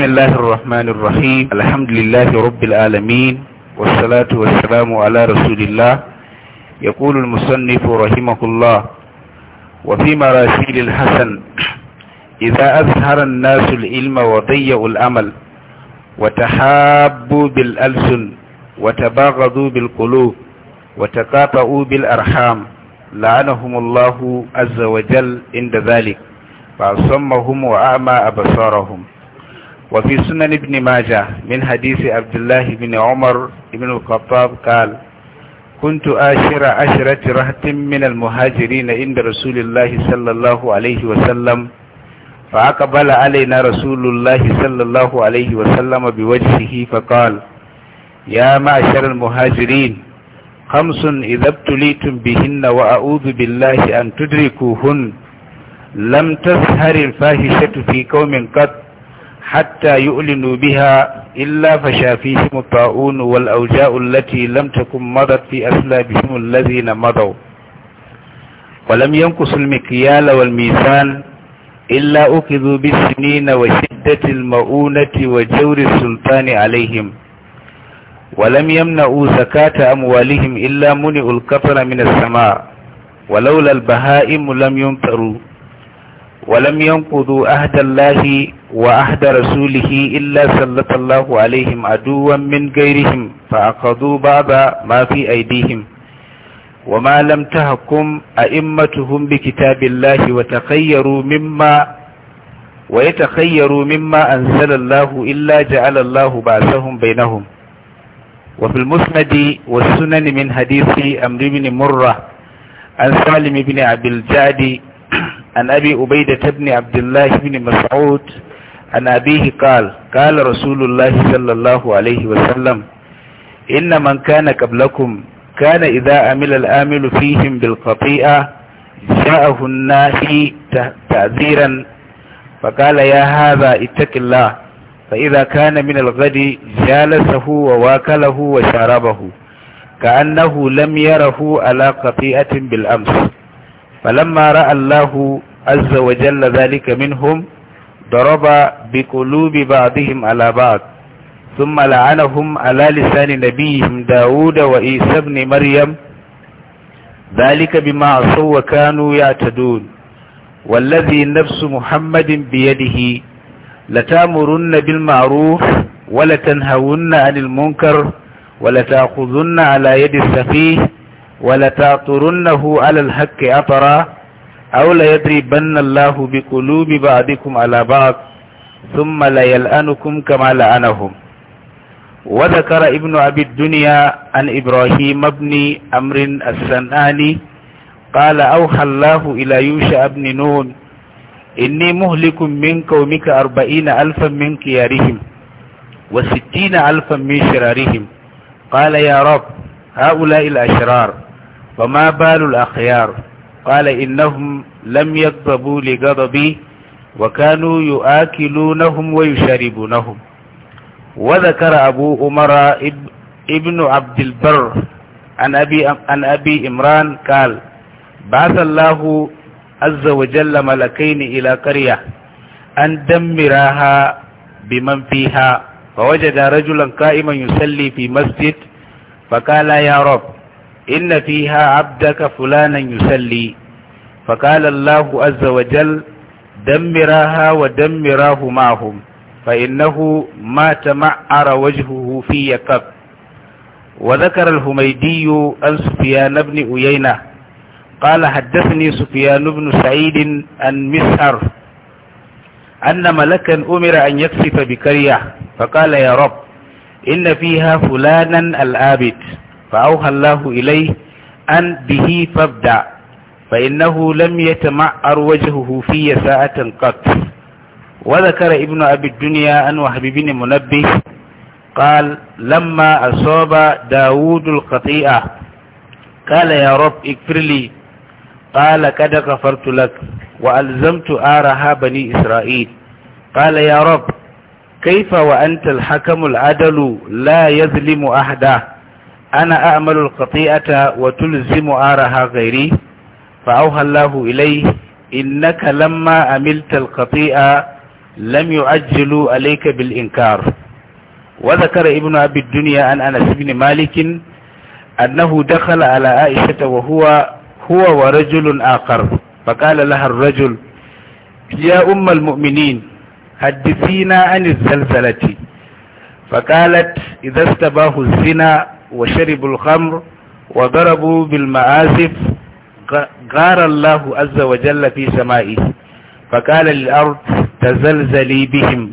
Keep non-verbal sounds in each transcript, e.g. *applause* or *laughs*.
بسم الله الرحمن الرحيم الحمد لله رب العالمين والصلاة والسلام على رسول الله يقول المصنف رحمه الله وفي مراسيل الحسن إذا أظهر الناس العلم وضيعوا الأمل وتحابوا بالألسن وتباغضوا بالقلوب وتقاطعوا بالأرحام لعنهم الله عز وجل عند ذلك فأصمهم وأعمى أبصارهم وفي سنن ابن ماجه من حديث عبد الله بن عمر بن الخطاب قال كنت آشر عشرة رهط من المهاجرين عند رسول الله صلى الله عليه وسلم فأقبل علينا رسول الله صلى الله عليه وسلم بوجهه فقال يا معشر المهاجرين خمس إذا ابتليتم بهن وأعوذ بالله أن تدركوهن لم تسهر الفاحشة في قوم قط حتى يؤلنوا بها إلا فشا فيهم الطاؤون والأوجاء التي لم تكن مضت في أسلابهم الذين مضوا ولم ينقص المكيال والميزان إلا أخذوا بالسنين وشدة المؤونة وجور السلطان عليهم ولم يمنعوا زكاة أموالهم إلا منئوا القطر من السماء ولولا البهائم لم يمطروا ولم ينقضوا عهد الله وعهد رسوله إلا سلط الله عليهم عدوا من غيرهم فأخذوا بعض ما في أيديهم وما لم تهكم أئمتهم بكتاب الله وتخيروا مما ويتخيروا مما أنزل الله إلا جعل الله بعثهم بينهم وفي المسند والسنن من حديث أمر بن مرة عن سالم بن عبد الجعد عن أبي أبيدة بن عبد الله بن مسعود عن أبيه قال قال رسول الله صلى الله عليه وسلم إن من كان قبلكم كان إذا أمل الآمل فيهم بالقطيئة جاءه الناس تعذيرا فقال يا هذا اتق الله فإذا كان من الغد جالسه وواكله وشاربه كأنه لم يره على قطيئة بالأمس فلما رأى الله عز وجل ذلك منهم ضرب بقلوب بعضهم على بعض ثم لعنهم على لسان نبيهم داود وإيسى بن مريم ذلك بما عصوا وكانوا يعتدون والذي نفس محمد بيده لتامرن بالمعروف ولتنهون عن المنكر ولتأخذن على يد السفيه ولتعطرنه على الحق أطرا aula ya driban na Allahu bi kulubi ba a alaba sun malayal anukum kama la'anahum. Wata kara ibnu abid duniya an Ibrahim mabni amrin as-sanani qala auha Allahu ila yusha abni nun inni muhlikum min qaumika arba'ina alfan min kiyarihim wa sittina alfan min shirarihim qala ya rab هؤلاء الأشرار وما بال الأخيار قال إنهم لم يكذبوا لغضبي وكانوا يؤكلونهم ويشربونهم وذكر أبو عمر ابن عبد البر عن أبي, عن أبي إمران قال بعث الله عز وجل ملكين إلى قرية أن دمراها بمن فيها فوجد رجلا قائما يصلي في مسجد فقال يا رب إن فيها عبدك فلانا يسلي فقال الله عز وجل دمراها ودمراه معهم فإنه ما تمعر وجهه في يقب وذكر الهميدي عن سفيان بن أيينة قال حدثني سفيان بن سعيد عن مسهر أن ملكا أمر أن يكسف بكرية فقال يا رب إن فيها فلانا الآبد فأوحى الله إليه أن به فابدع فإنه لم يتمعر وجهه في ساعة قط وذكر ابن أبي الدنيا أن وهب بن منبه قال لما أصاب داود القطيئة قال يا رب اغفر لي قال قد غفرت لك وألزمت آرها بني إسرائيل قال يا رب كيف وأنت الحكم العدل لا يظلم أحدا أنا أعمل القطيئة وتلزم آرها غيري فأوهى الله إليه إنك لما عملت القطيئة لم يعجلوا عليك بالإنكار وذكر ابن أبي الدنيا عن أن أنس بن مالك أنه دخل على عائشة وهو هو ورجل آخر فقال لها الرجل يا أم المؤمنين حدثينا عن الزلزلة فقالت إذا استباه الزنا وشربوا الخمر وضربوا بالمعازف غار الله عز وجل في سمائه فقال للأرض تزلزلي بهم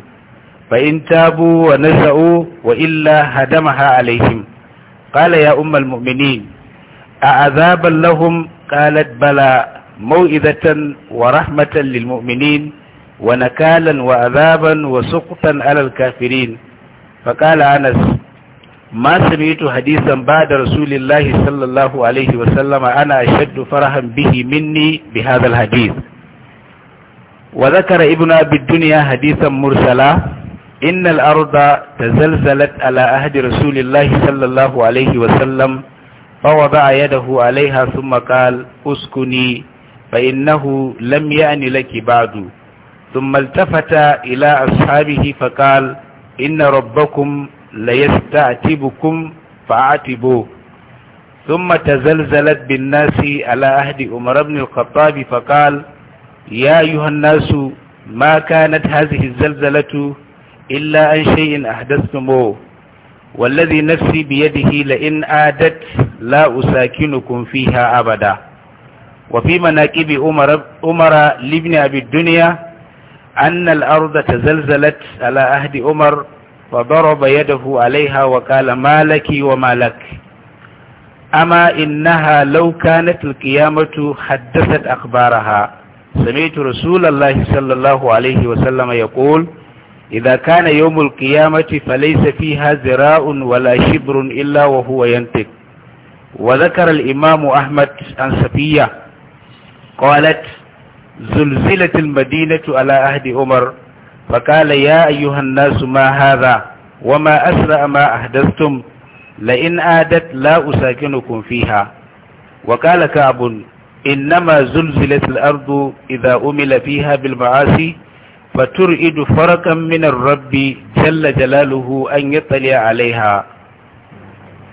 فإن تابوا ونزعوا وإلا هدمها عليهم قال يا أم المؤمنين أعذابا لهم قالت بلى موئذة ورحمة للمؤمنين ونكالا وعذابا وسقطا على الكافرين فقال أنس ما سمعت حديثا بعد رسول الله صلى الله عليه وسلم أنا أشد فرحا به مني بهذا الحديث وذكر ابن أبي الدنيا حديثا مرسلا إن الأرض تزلزلت على أهد رسول الله صلى الله عليه وسلم فوضع يده عليها ثم قال أسكني فإنه لم يأن لك بعد ثم التفت إلى أصحابه فقال إن ربكم ليستعتبكم فاعتبوه ثم تزلزلت بالناس على عهد عمر بن الخطاب فقال يا أيها الناس ما كانت هذه الزلزلة إلا عن شيء أحدثتموه والذي نفسي بيده لئن عادت لا أساكنكم فيها أبدا وفي مناكب عمر عمر لابن أبي الدنيا أن الأرض تزلزلت على عهد عمر فضرب يده عليها وقال ما لك وما لك أما إنها لو كانت القيامة حدثت أخبارها سمعت رسول الله صلى الله عليه وسلم يقول إذا كان يوم القيامة فليس فيها زراء ولا شبر إلا وهو ينتك وذكر الإمام أحمد عن سفية قالت زلزلت المدينة على أهد عمر فقال يا أيها الناس ما هذا وما أسرع ما أحدثتم لئن آدت لا أساكنكم فيها وقال كعب إنما زلزلت الأرض إذا أمل فيها بالمعاصي فترئد فرقا من الرب جل جلاله أن يطلع عليها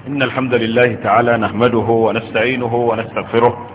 إن الحمد لله تعالى نحمده ونستعينه ونستغفره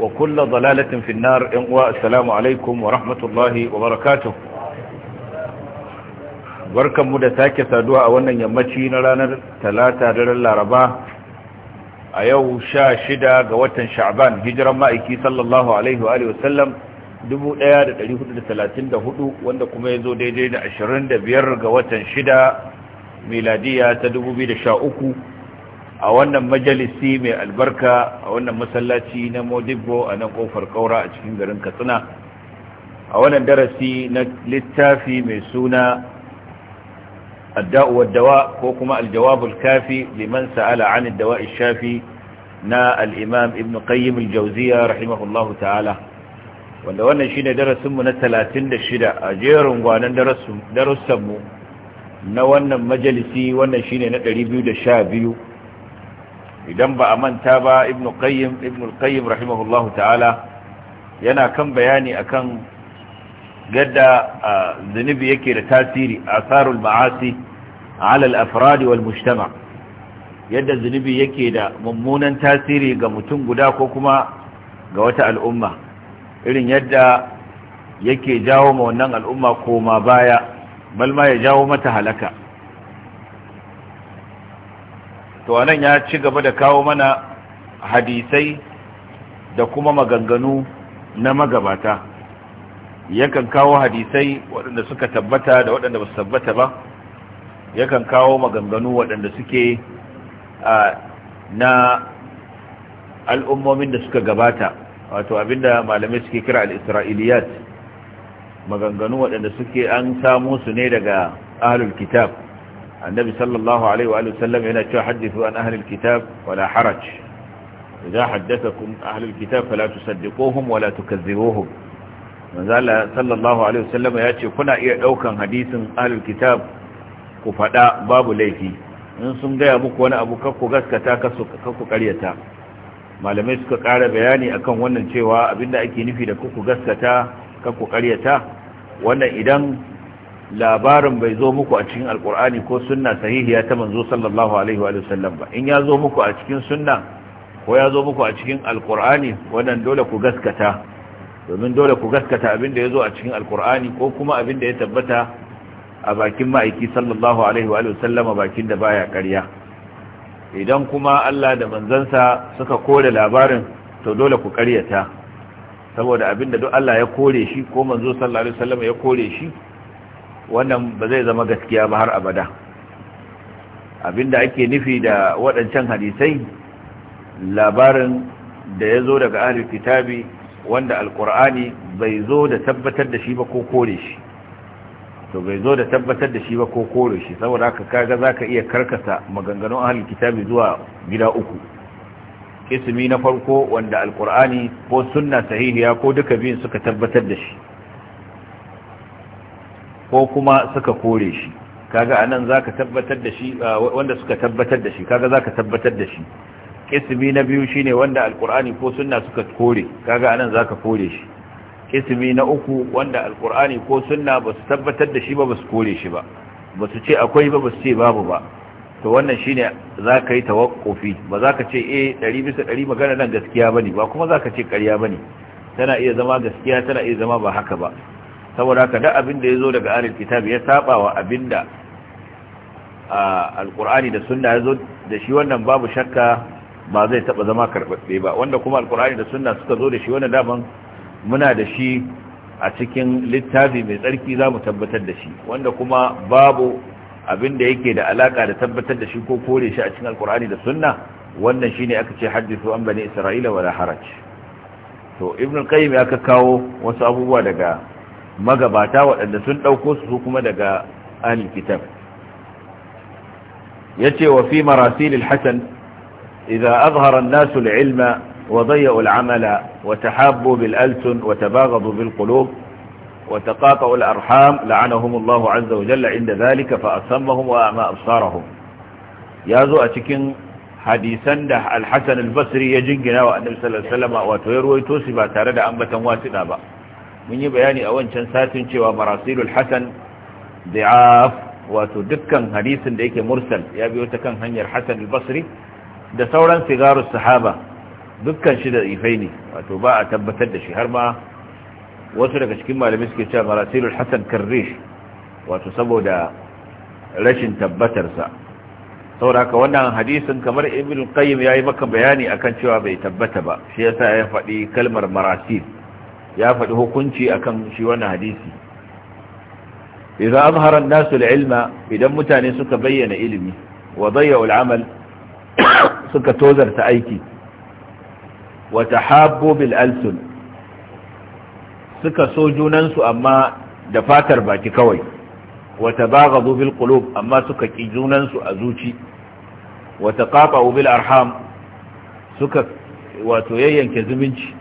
وكل ضلالة في النار والسلام عليكم ورحمة الله وبركاته barkan mu da sake saduwa a wannan yammaci na ranar talata da laraba a yau sha shida ga watan sha'ban hijiran ma'aiki sallallahu alaihi wa alihi wasallam 1434 wanda kuma ya zo daidai da 25 ga watan shida miladiya ta 2013 a wannan majalisi mai albarka a wannan masallaci na modibbo a nan kofar kaura a cikin garin katsina a wannan darasi na littafi mai suna adda'uwar dawa ko kuma aljawabul kafi liman sa'ala an dawa shafi na al'imam ibn qayyim aljawziya rahimahullahu ta'ala wanda wannan shine mu na 36 a jerin gwanan mu na wannan majalisi wannan shine na 212 idan ba a manta ba ibn qayyim ibn qayyim rahimahullahu ta'ala yana kan bayani akan gadda zunubi yake da tasiri asarul ma'asi ala al-afrad wal mujtama yadda zunubi yake da mummunan tasiri ga mutum guda ko kuma ga wata al'umma irin yadda yake jawo ma wannan al'umma koma baya bal ya jawo mata halaka to anan ya ci gaba da kawo mana hadisai da kuma maganganu na magabata yakan kawo hadisai waɗanda suka tabbata da waɗanda ba su tabbata ba yakan kawo maganganu waɗanda suke na al'ummomin da suka gabata wato abinda malamai suke kira isra'iliyat maganganu waɗanda suke an samu su ne daga ahlul kitab annabi sallallahu yana cewa hadithu an ahlul kitab wala haraj idza haddathakum ahlul kitab fala tusaddiquhum wala tukazzibuhum manzala sallallahu alaihi wa sallam ya ce kuna iya ɗaukan hadisin ahlul kitab ku faɗa babu laifi in sun gaya muku wani abu kakku gaskata kakku karyata malamai suka kara bayani akan wannan cewa abinda ake nufi da kakku gaskata kakku karyata idan labarin bai zo muku a cikin alkur'ani ko sunna sahihiya ta manzo sallallahu alaihi wa sallam ba in ya zo muku a cikin sunna ko ya zo muku a cikin alkur'ani wannan dole ku gaskata domin dole ku gaskata abin da ya zo a cikin alkur'ani ko kuma abin da ya tabbata a bakin ma'aiki sallallahu alaihi wa sallama bakin da baya ƙarya idan kuma Allah da manzansa suka kore labarin to dole ku ƙaryata saboda abin da duk Allah ya kore shi ko manzo sallallahu alaihi wa sallama ya kore shi wannan ba zai zama gaskiya ba har abada abinda ake nufi da waɗancan hadisai labarin da ya zo daga ahli kitabi wanda alkur'ani bai zo da tabbatar da shi ba ko kore shi to bai zo da tabbatar da shi ba ko kore shi saboda haka kaga ka iya karkasa maganganun ahli kitabi zuwa gida uku kismi na farko wanda alkur'ani ko sunna sahihiya ko duka biyun suka tabbatar da shi ko kuma suka kore shi kaga anan zaka tabbatar da shi wanda suka tabbatar da shi kaga zaka tabbatar da shi kismi na biyu shine wanda alqur'ani ko sunna suka kore kaga anan zaka kore shi kismi na uku wanda alqur'ani ko sunna ba su tabbatar da shi ba ba su kore shi ba ba su ce akwai ba ba su ce babu ba to wannan shine zaka yi tawakkufi ba zaka ce eh 100 bisa 100 magana nan gaskiya bane ba kuma zaka ce ƙarya bane tana iya zama gaskiya tana iya zama ba haka ba saboda haka duk abin da zo daga ahlul kitab ya saba wa da alqur'ani da sunna zo da shi wannan babu shakka ba zai taba zama karbabbe ba wanda kuma alqur'ani da sunna suka zo da shi wannan daban muna da shi a cikin littafi mai tsarki za mu tabbatar da shi wanda kuma babu abin da yake da alaka da tabbatar da shi ko kore shi a cikin alkur'ani da sunna wannan ne aka ce hadithu an isra'ila wala haraj to ibn al-qayyim ya kawo wasu abubuwa daga magabata waɗanda sun ɗauko su kuma daga ahlul ya yace wa fi marasil hasan idan azhara an-nas al-ilma wa dayya'u al-amala wa tahabbu bil wa bil wa arham la'anahum Allah 'azza wa jalla 'inda dhalika fa wa ama absarahum zo a cikin hadisan da al albasri ya jingina wa annabi sallallahu alaihi wasallam wato ya ruwaito shi ba tare da ambatan wasiɗa ba mun yi bayani a wancan satin cewa marasilul hasan da'af wato dukkan hadisin da yake mursal ya biyo ta kan hanyar hasan al-basri da sauran sigarus sahaba dukkan shi da ifai ne wato ba a tabbatar da shi har ma wasu daga cikin malami suke cewa marasilul hasan karrish wato saboda rashin tabbatarsa saboda haka wannan hadisin kamar ibn qayyim yayi maka bayani akan cewa bai tabbata ba shi yasa ya faɗi kalmar marasil ya faɗi hukunci akan shi wannan hadisi idan azhara an-nasu ilma idan mutane suka bayyana ilimi wa dayya'u al *coughs* suka tozarta aiki wa tahabbu bil alsun suka so junan su amma da fatar baki kawai wa tabaghadu bil qulub amma suka ki junan su a zuci wa taqafu bil arham suka wato yayyanke zumunci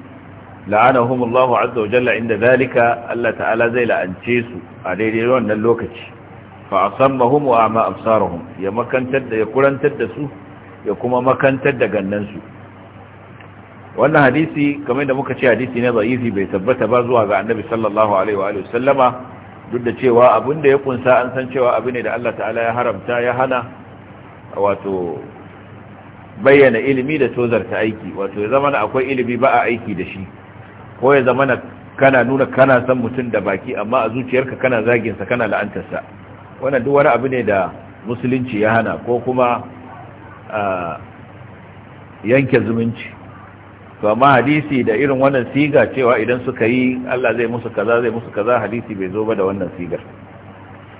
la'anahum Allahu azza wa jalla inda zalika Allah ta'ala zai la'ance su a daidai wannan lokaci fa asammahum wa ama absaruhum ya makantar da ya kurantar da su ya kuma makantar da gannan su wannan hadisi kamar da muka ce hadisi ne da'ifi bai tabbata ba zuwa ga annabi sallallahu alaihi wa alihi sallama duk da cewa abin da ya kunsa an san cewa abu ne da Allah ta'ala ya haramta ya hana wato bayyana ilimi da tozarta aiki wato ya zama akwai ilimi ba a aiki da shi ko ya zamana kana nuna kana san mutum da baki amma a zuciyarka kana zaginsa kana la'antarsa wannan duk wani abu ne da musulunci ya hana ko kuma yanke zumunci to amma hadisi da irin wannan siga cewa idan suka yi Allah zai musu kaza zai musu kaza hadisi bai zo ba da wannan sigar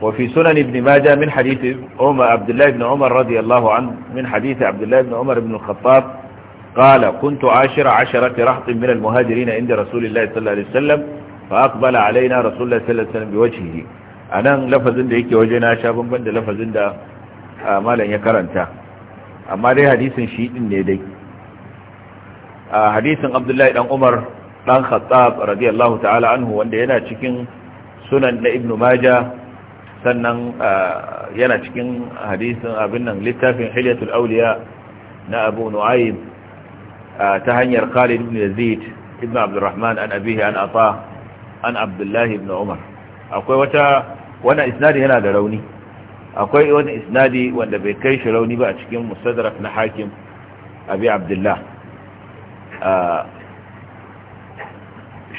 وفي سنن ابن ماجه من حديث عمر عبد الله بن عمر رضي الله عنه من حديث عبد الله بن عمر قال كنت عاشر عشرة رهط من المهاجرين عند رسول الله صلى الله عليه وسلم فأقبل علينا رسول الله صلى الله عليه وسلم بوجهه أنا لفظ دا يكي وجهنا شابا بند لفظ دا مالا يكرنتا أما دي حديث شيء إني دي حديث عبد الله بن عمر بن خطاب رضي الله تعالى عنه وأن ينا تشكين سنن لابن ماجه sannan yana cikin hadisin abin nan littafin hilyatul auliya na abu nu'aym ta hanyar Khalid ibn Yazid ibn Abdurrahman an abihi an ata an Abdullah ibn Umar akwai wata wannan isnadi yana da rauni akwai wani isnadi wanda bai kai shi rauni ba a cikin musadrak na hakim abi abdullah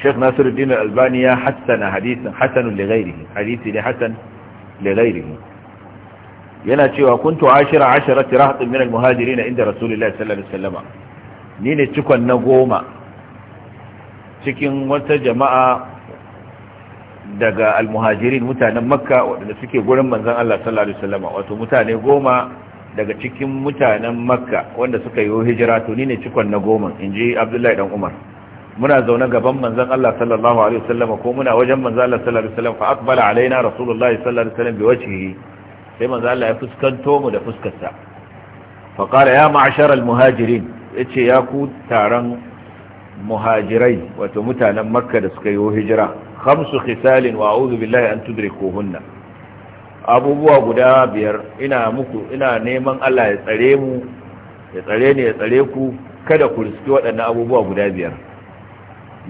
Sheikh Nasiruddin Al-Albani ya hassana hadisin hasanun li ghairihi hadisi ne hasan li ghairihi yana cewa kuntu ashira asharati rahatin min al-muhajirin inda rasulullahi sallallahu alaihi wasallam ni ne cikon na goma cikin wata jama'a daga almuhajirin mutanen makka waɗanda suke gurin manzan Allah sallallahu Alaihi wasallama wato mutane goma daga cikin mutanen makka wanda suka yi hijira to ni ne cikon na goma in ji abdullahi dan umar muna zaune gaban manzan Allah sallallahu alaihi wasallam ko muna wajen manzan Allah sallallahu alaihi wasallam fa aqbala alaina rasulullahi sallallahu alaihi wasallam biwajhihi sai manzon Allah ya fuskanto mu da fuskarsa fa qala ya ma'ashara almuhajirin yace ya ku taron muhajirai wato mutanen makka da suka yi hijira khamsu khisalin wa a'udhu billahi an tudrikuhunna abubuwa guda biyar ina neman Allah ya tsare ya tsare ni ya tsare ku kada ku riski waɗannan abubuwa guda biyar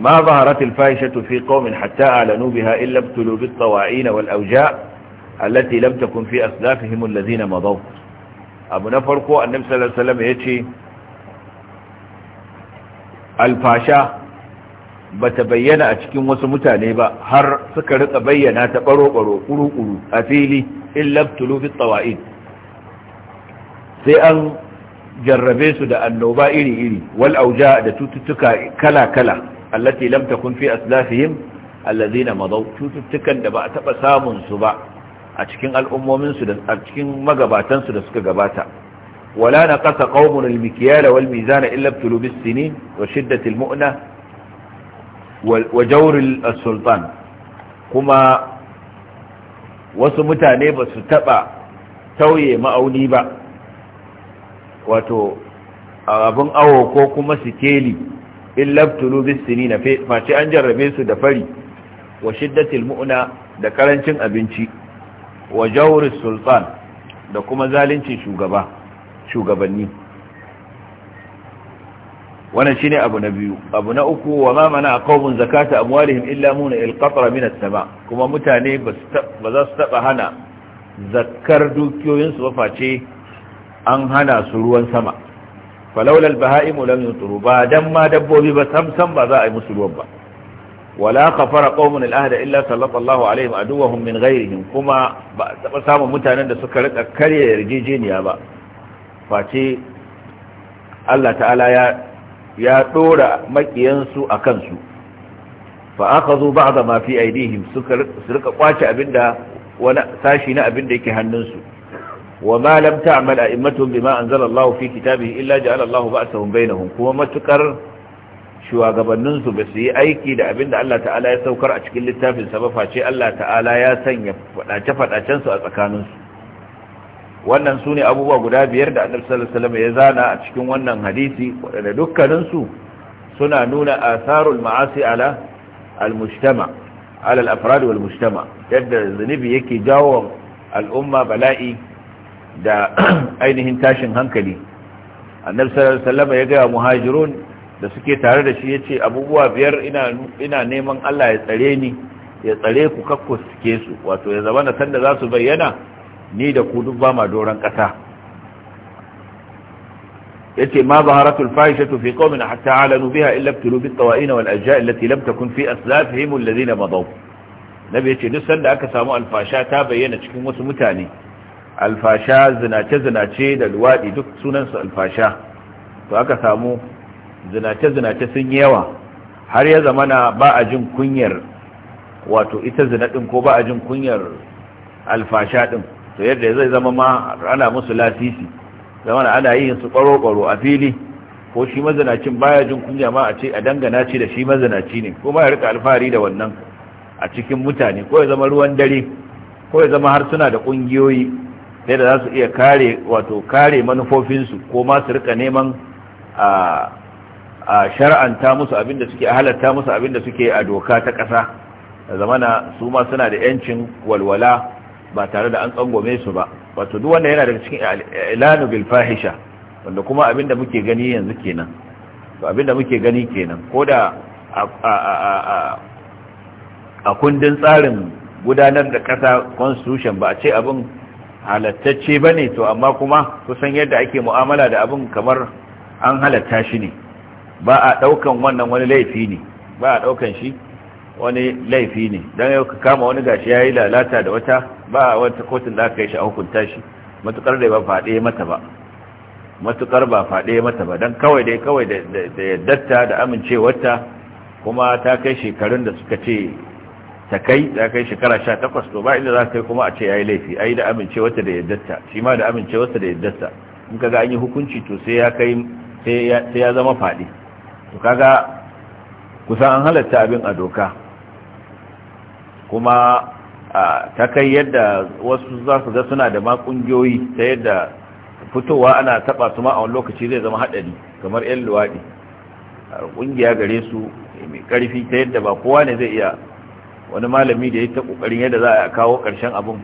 ma zaharatil fahishatu fi qaumin hatta alanu biha illa btulu bit a wal awja allati lam takun fi aslafihim alladhina madaw abu na farko annabi sallallahu alaihi wasallam yace alfasha ba ta bayyana a cikin wasu mutane ba har suka rika bayyana ta baro-baro kuru-kuru a fili illabtulu fi tsawa'id sai an jarrabe su da annoba iri-iri wal auja da cututtuka kala-kala allati lam takun fi aslafihim na madaw cututtukan da ba a taba samun su ba a cikin al'ummomin su da a cikin magabatan su da suka gabata ولا نقص قوم المكيال والميزان إلا ابتلوا بالسنين وشدة المؤنة وجور السلطان كما وسمتاني بستبع توي مأوني با واتو abin awo ko kuma sikeli in labtulu bis sinina face an jarrabe su da fari wa shiddatil mu'na da ƙarancin abinci wa sultan da kuma zaluncin shugaba shugabanni wannan shine abu na biyu abu na uku wa mamana a qaumun zakata amwalihim illa mun al-qatra sama kuma mutane ba za su taba hana zakar dukiyoyin su face an hana su ruwan sama falawla baha'i bahaim lam ba dan ma dabbobi ba samsam ba za a yi musu ruwan ba wala khafara qaumun al-ahda illa sallallahu alaihim aduwahum min ghayrihim kuma ba taba samun mutanen da suka rika karya yarjejeniya ba face Allah ta'ala ya ya dora makiyansu a kansu fa aka zo ba da mafi aidihim su rika kwace abinda wani sashi na abinda yake hannunsu wa ma lam ta'mal a'immatuhum bima anzala Allah fi kitabihi illa ja'ala Allah ba'sahum bainahum kuma matukar shugabannin su ba su yi aiki da abinda Allah ta'ala ya saukar a cikin littafin sa ba face Allah ta'ala ya sanya fadace fadacen su a tsakaninsu wannan su ne abubuwa guda biyar da annabi sallallahu alaihi ya zana a cikin wannan hadisi wadanda dukkanin su suna nuna asarul ma'asi ala al-mujtama ala al-afrad wal mujtama yadda zunubi yake jawo al'umma bala'i da *clears throat* ainihin tashin hankali annabi sallallahu alaihi ya ga muhajirun da suke tare da shi yace abubuwa biyar ina ina neman Allah ya tsare ni ya tsare ku kakku suke su wato ya zama na sanda za su bayyana ni da ku duk ba ma doron ƙasa yace ma zaharatul fahishatu fi qaumin hatta alanu biha illa ibtulu bit tawa'in wal ajja' allati lam takun fi aslafihim alladhina madaw nabi yace duk sanda aka samu alfasha ta bayyana cikin wasu mutane alfasha zinace zinace da luwadi duk sunan su alfasha to aka samu zinace zinace sun yawa har ya zamana ba a jin kunyar wato ita zina ɗin ko ba a jin kunyar alfasha din to yadda zai zama ma ana musu lasisi zama na ana yin su kwaro-kwaro a fili ko shi mazinacin baya jin kunya ma a ce a dangana ce da shi mazinaci ne ko ma ya rika alfahari da wannan a cikin mutane ko ya zama ruwan dare ko ya zama har suna da kungiyoyi da da za su iya kare wato kare manufofinsu ko ma su rika neman a a shar'anta musu abinda suke a halatta musu abinda suke a doka ta ƙasa da zamana su ma suna da yancin walwala ba tare da an tsangome su ba wato duk wanda yana daga cikin ilanu bil fahisha wanda kuma abinda muke gani yanzu kenan to abinda muke gani kenan koda a kundin tsarin gudanar da kasa constitution ba a ce abin halattacce bane to amma kuma kusan yadda ake mu'amala da abin kamar an halatta shi ne ba a daukan wannan wani laifi ne ba a daukan shi wani laifi ne don yau ka kama wani gashi ya yi lalata da wata ba wata kotun da aka yi shi a hukunta shi matukar da ba faɗe mata ba matukar ba faɗe mata ba don kawai dai kawai da yaddata da amincewarta kuma ta kai shekarun da suka ce ta kai ta kai shekara sha takwas to ba inda za ka kai kuma a ce ya yi laifi a yi da amincewarta da yaddata shi ma da amincewarta da yaddata in ka ga an yi hukunci to sai ya kai sai ya zama faɗi to kaga kusan an halatta abin a doka kuma ta kai yadda wasu za su ga suna da ma kungiyoyi ta yadda fitowa ana taba su ma a wani lokaci zai zama hadari kamar yan luwaɗi kungiya gare su mai karfi ta yadda ba kowa ne zai iya wani malami da ya ta kokarin yadda za a kawo karshen abin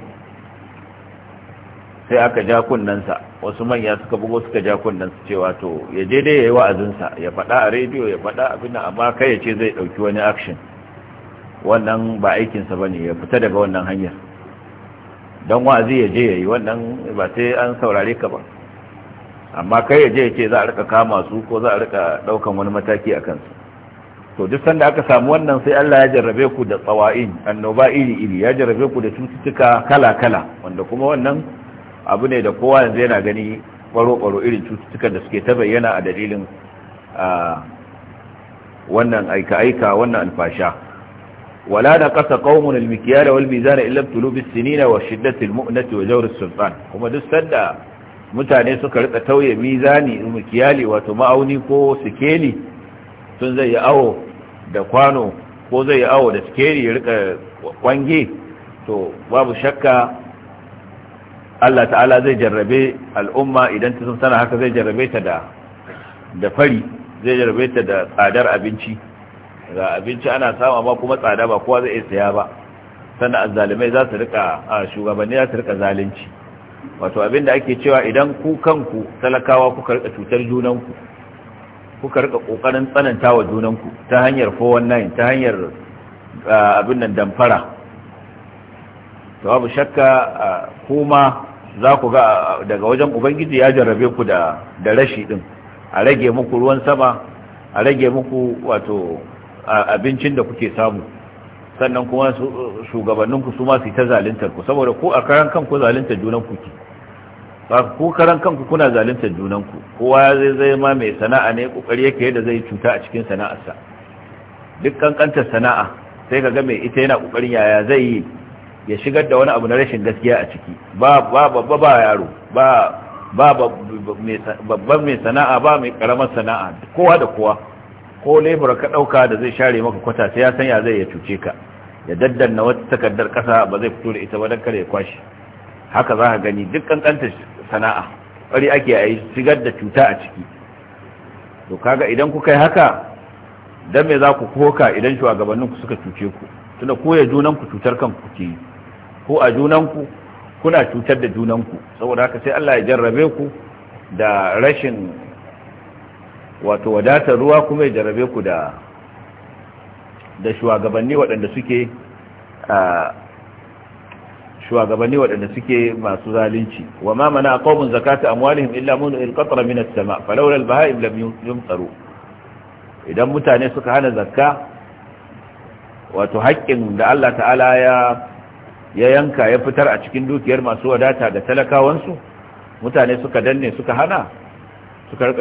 sai aka ja kunnensa wasu manya suka bugo suka ja kunnansa cewa to ya je dai ya yi wa'azinsa ya faɗa a rediyo ya faɗa abin amma kai ya ce zai ɗauki wani action wannan ba aikinsa ba ne ya fita daga wannan hanyar don wa'azi ya je ya yi wannan ba sai an saurare ka ba amma kai ya je ya ce za a rika kama su ko za a rika daukan wani mataki a kansu to duk sanda aka samu wannan sai Allah ya jarrabe ku da tsawa'in annoba iri iri ya jarrabe ku da cututtuka kala kala wanda kuma wannan abu ne da kowa yanzu yana gani baro baro irin cututtukan da suke ta bayyana a dalilin wannan aika aika wannan alfasha wala da kasa qaumun al-mikyala wal mizana illa tulu bis sinina wa shiddati al-mu'nati wa jawr kuma duk sanda mutane suka rika tauye mizani mikiyali wato ma'auni ko sikeli sun zai yi awo da kwano ko zai yi awo da sikeli ya rika kwange to babu shakka Allah ta'ala zai jarrabe al'umma idan ta sun haka zai jarrabe da fari zai jarrabe da tsadar abinci ga abinci ana samu amma kuma tsada ba kowa zai iya saya ba sannan azzalimai za su rika a shugabanni za su rika zalunci wato abinda ake cewa idan ku kanku talakawa kuka rika cutar junanku kuka rika kokarin tsananta wa junanku ta hanyar 419 ta hanyar abin nan damfara to babu shakka kuma za ku ga daga wajen ubangiji ya jarrabe ku da da rashi din a rage muku ruwan sama a rage muku wato abincin da kuke samu sannan kuma shugabanninku su ma su ta zaluntar saboda ko a karan kanku zaluntar junanku ki ba ku karan kanku kuna zaluntar junanku kowa zai zai ma mai sana'a ne kokari yake yadda zai cuta a cikin sana'arsa duk kankantar sana'a sai ka ga mai ita yana kokarin yaya zai yi ya shigar da wani abu na rashin gaskiya a ciki ba ba ba yaro ba ba babban mai sana'a ba mai karamar sana'a kowa da kowa ko lebur ka ɗauka da zai share maka kwata sai ya san ya zai ya cuce ka ya daddanna wata takardar ƙasa ba zai fito da ita ba don kada ya kwashe haka za ka gani duk ƙanƙanta sana'a ƙwari ake a yi shigar da cuta a ciki to kaga idan ku kai haka don me za ku koka idan shugabannin shugabanninku suka cuce ku tunda ko ya junanku cutar kanku ku yi ko a junan ku kuna cutar da junan ku saboda haka sai Allah ya jarrabe ku da rashin wato wadatar ruwa kuma ya jarabe ku da da shugabanni waɗanda suke shugabanni waɗanda suke masu zalunci wa ma mana qaumun zakata amwalihim illa mun ilqatra min as-sama falawla al-baha'im lam yumtaru idan mutane suka hana zakka wato haƙƙin da Allah ta'ala ya ya yanka ya fitar a cikin dukiyar masu wadata da talakawansu mutane suka danne suka hana suka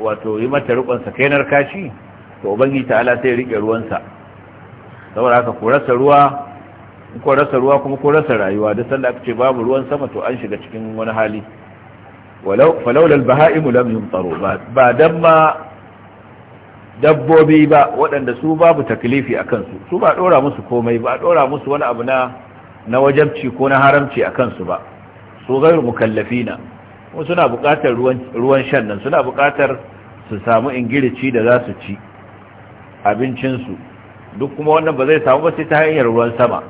wato yi mata rikonsa kainar kashi to ubangi ta'ala sai rike ruwansa saboda haka ku rasa ruwa ku rasa ruwa kuma ku rasa rayuwa da sallah ce babu ruwan sama to an shiga cikin wani hali walau falaula albahaimu lam yumtaru ba dan ma dabbobi ba waɗanda su babu taklifi a su su ba dora musu komai ba dora musu wani abu na na wajabci ko na haramci a kansu ba su gairu mukallafina kuma suna buƙatar ruwan shan nan suna buƙatar su samu ingilici da za su ci abincinsu duk kuma wannan ba zai samu ba sai ta hanyar ruwan sama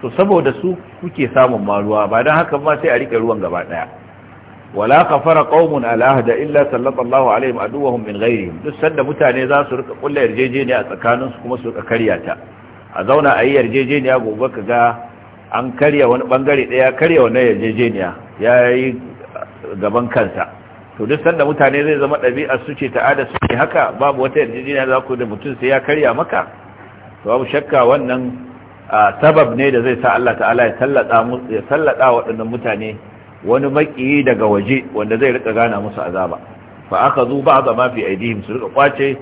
to saboda su kuke samun ma ruwa ba don haka ma sai a riƙe ruwan gaba ɗaya wala kafara qaumun ala da illa sallallahu alaihi wa aduwahum min ghairihim duk sanda mutane za su rika ƙulla yarjejeniya a tsakaninsu kuma su rika karya ta a zauna a yi yarjejeniya gobe ka ga an karya wani bangare ɗaya karya wani yarjejeniya ya yi gaban kansa to duk sanda mutane zai zama ɗabi'ar su ce ta'ada su ne haka babu wata yarjejeniya za ku da mutum sai ya karya maka to babu shakka wannan sabab ne da zai sa Allah ta'ala ya sallata waɗannan mutane wani maƙiyi daga waje wanda zai rika gana musu azaba fa aka zu ba ga mafi aidihim su rika kwace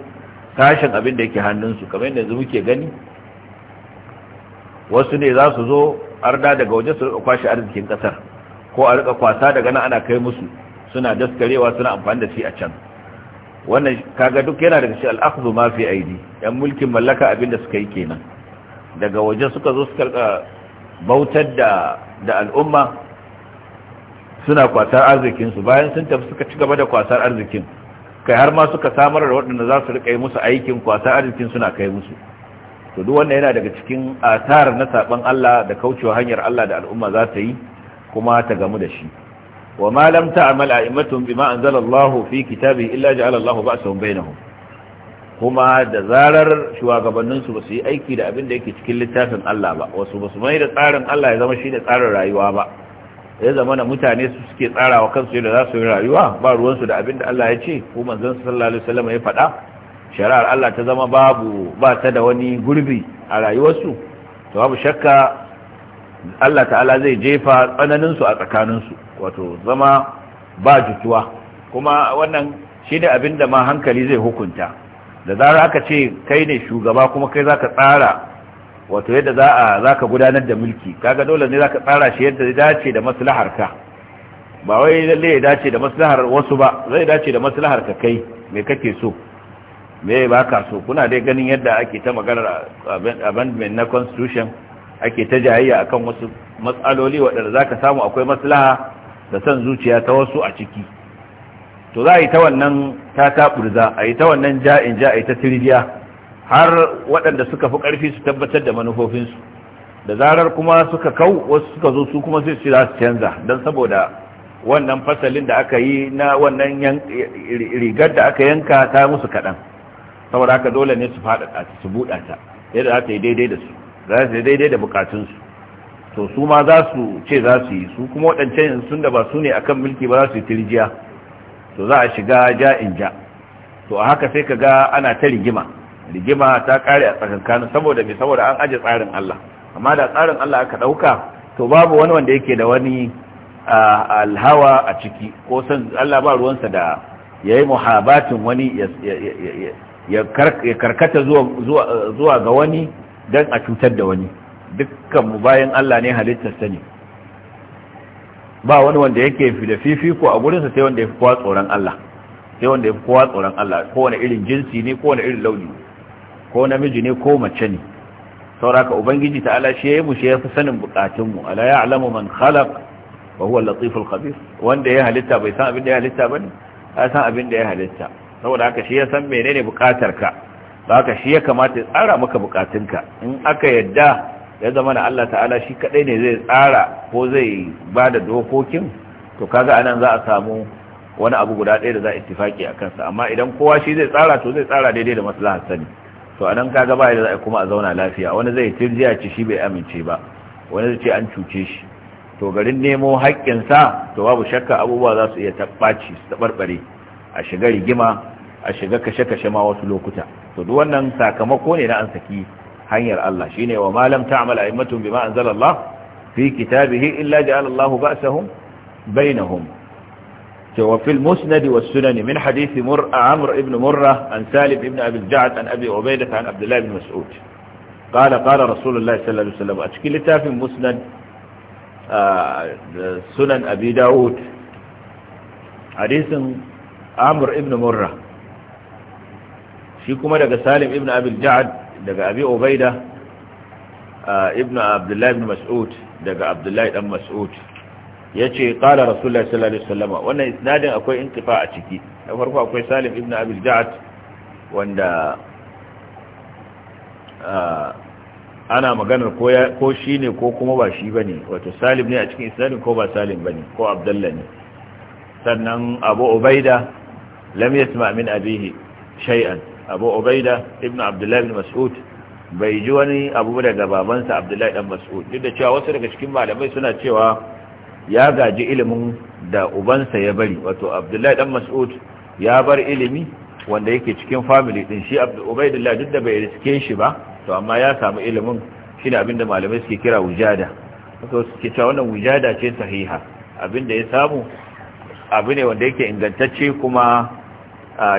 tashin abin da yake hannunsu kamar yanzu muke gani wasu ne za su zo arda daga waje su rika kwashe arzikin ƙasar ko a rika kwasa daga nan ana kai musu suna daskarewa suna amfani da shi a can wannan kaga duk yana daga shi al'akhdhu ma fi aidi yan mulkin mallaka abin da suka yi kenan daga waje suka zo suka bautar da da al'umma suna kwasar arzikin su bayan sun tafi suka ci gaba da kwasar arzikin kai har ma suka samar da waɗanda za su rika yi musu aikin kwasar arzikin suna kai musu to duk wannan yana daga cikin asarar na saban Allah da kaucewa hanyar Allah da al'umma za ta yi kuma ta gamu da shi wa ma lam ta'mal a'immatun bima anzala Allah fi kitabihi illa ja'ala Allah ba'sahum bainahum kuma da zarar shugabannin su yi aiki da abin da yake cikin littafin Allah ba wasu basu mai da tsarin Allah ya zama shine tsarin rayuwa ba ya zama na mutane su suke tsarawa kansu yadda za su yi rayuwa ba ruwansu da abin da Allah ya ce ko manzon sallallahu alaihi wasallam ya faɗa shari'ar Allah ta zama babu ba ta da wani gurbi a rayuwarsu to babu shakka Allah ta'ala zai jefa tsananinsu a tsakaninsu wato zama ba jituwa kuma wannan shi ne abin da ma hankali zai hukunta da zara aka ce kai ne shugaba kuma kai za ka tsara wato yadda za a za ka gudanar da mulki kaga dole ne za ka tsara shi yadda zai dace da maslahar ka ba wai lalle ya dace da maslahar wasu ba zai dace da maslahar ka kai me kake so me baka so kuna dai ganin yadda ake ta maganar amendment na constitution ake ta jayayya akan wasu matsaloli waɗanda za ka samu akwai maslaha da son zuciya ta wasu a ciki to za a yi ta wannan ta taɓurza a yi ta wannan ja'in ja a yi ta tirjiya har waɗanda suka fi ƙarfi su tabbatar da manufofinsu da zarar kuma suka kau wasu suka zo su kuma sai su za su canza don saboda wannan fasalin da aka yi na wannan rigar da aka yanka ta musu kaɗan saboda haka dole ne su faɗaɗa su buɗa ta yadda za ta yi daidai da su za su daidai da bukatunsu to su ma za su ce za su yi su kuma waɗancan sun da ba su ne akan mulki ba za su yi tirjiya to za a shiga ja in ja to a haka sai ka ga ana ta rigima rigima ta kare a tsakankanin saboda mai saboda an aje tsarin Allah amma da tsarin Allah aka ɗauka to babu wani wanda yake da wani alhawa a ciki ko san Allah ba ruwansa da ya yi muhabatin wani ya karkata zuwa ga wani don a cutar da wani dukkan mu bayan Allah ne halittarsa ne ba wani wanda yake fi da fifiko a gurinsa sai wanda ya fi kowa tsoron Allah sai wanda ya fi kowa tsoron Allah ko wani irin jinsi ne ko wani irin launi ko namiji ne ko mace ne sauraka ubangiji ta'ala shi yi mu shi yafi sanin bukatun mu ala ya'lamu man khalaq wa huwa al-latiful khabir wanda ya halitta bai san abin da ya halitta bane ya san abin da ya halitta saboda haka shi ya san menene bukatarka ka baka shi ya kamata ya tsara maka bukatunka in aka yadda ya zama na Allah ta'ala shi kadai ne zai tsara ko zai ba da dokokin to kaga anan za a samu wani abu guda ɗaya da za a ittifaki a kansa amma idan kowa shi zai tsara to zai tsara daidai da maslahar sani to anan kaga ba da za a kuma a zauna lafiya wani zai tirjiya ci shi bai amince ba wani zai ce an cuce shi to garin nemo haƙƙinsa to babu shakka abubuwa za su iya tabbaci su tabarbare a shiga rigima a shiga kashe-kashe ma wasu lokuta to duk wannan sakamako ne na an saki hanyar Allah shine wa malam ta'mal a'immatun bima Allah? fi kitabihi illa ja'ala Allah ba'sahum bainahum Hum. المسند والسنن من min مر عمرو بن مرة عن سالم بن أبي الجعد عن أبي عبيدة عن عبد الله بن مسعود قال قال رسول الله صلى الله عليه وسلم أشكلتا في مسند sunan أبي داود حديث عمرو بن shi kuma daga salim ibn abil ja'ad daga abi ubaida ibn abdullahi ibn mas'ud daga abdullahi dan mas'ud yace qala rasulullahi sallallahu alaihi wasallam wannan isnadin akwai intifa a ciki na farko akwai salim ibn abil ja'ad wanda ana maganar ko shi ne ko kuma ba shi ba ne wato salim ne a cikin isnadin ko ba salim ba ne ko abdullah ne sannan abu ubaida lam yasma min abihi shay'an abu ubaida ibn abdullahi ibn mas'ud bai ji wani abu daga babansa abdullahi dan mas'ud duk da cewa wasu daga cikin malamai suna cewa ya gaji ilimin da ubansa ya bari wato abdullahi dan mas'ud ya bar ilimi wanda yake cikin family din shi ubaidillah duk da bai riske shi ba to amma ya samu ilimin shi ne abinda malamai suke kira wujada Wato suke cewa wannan wujada ce sahiha abinda ya samu abu ne wanda yake ingantacce kuma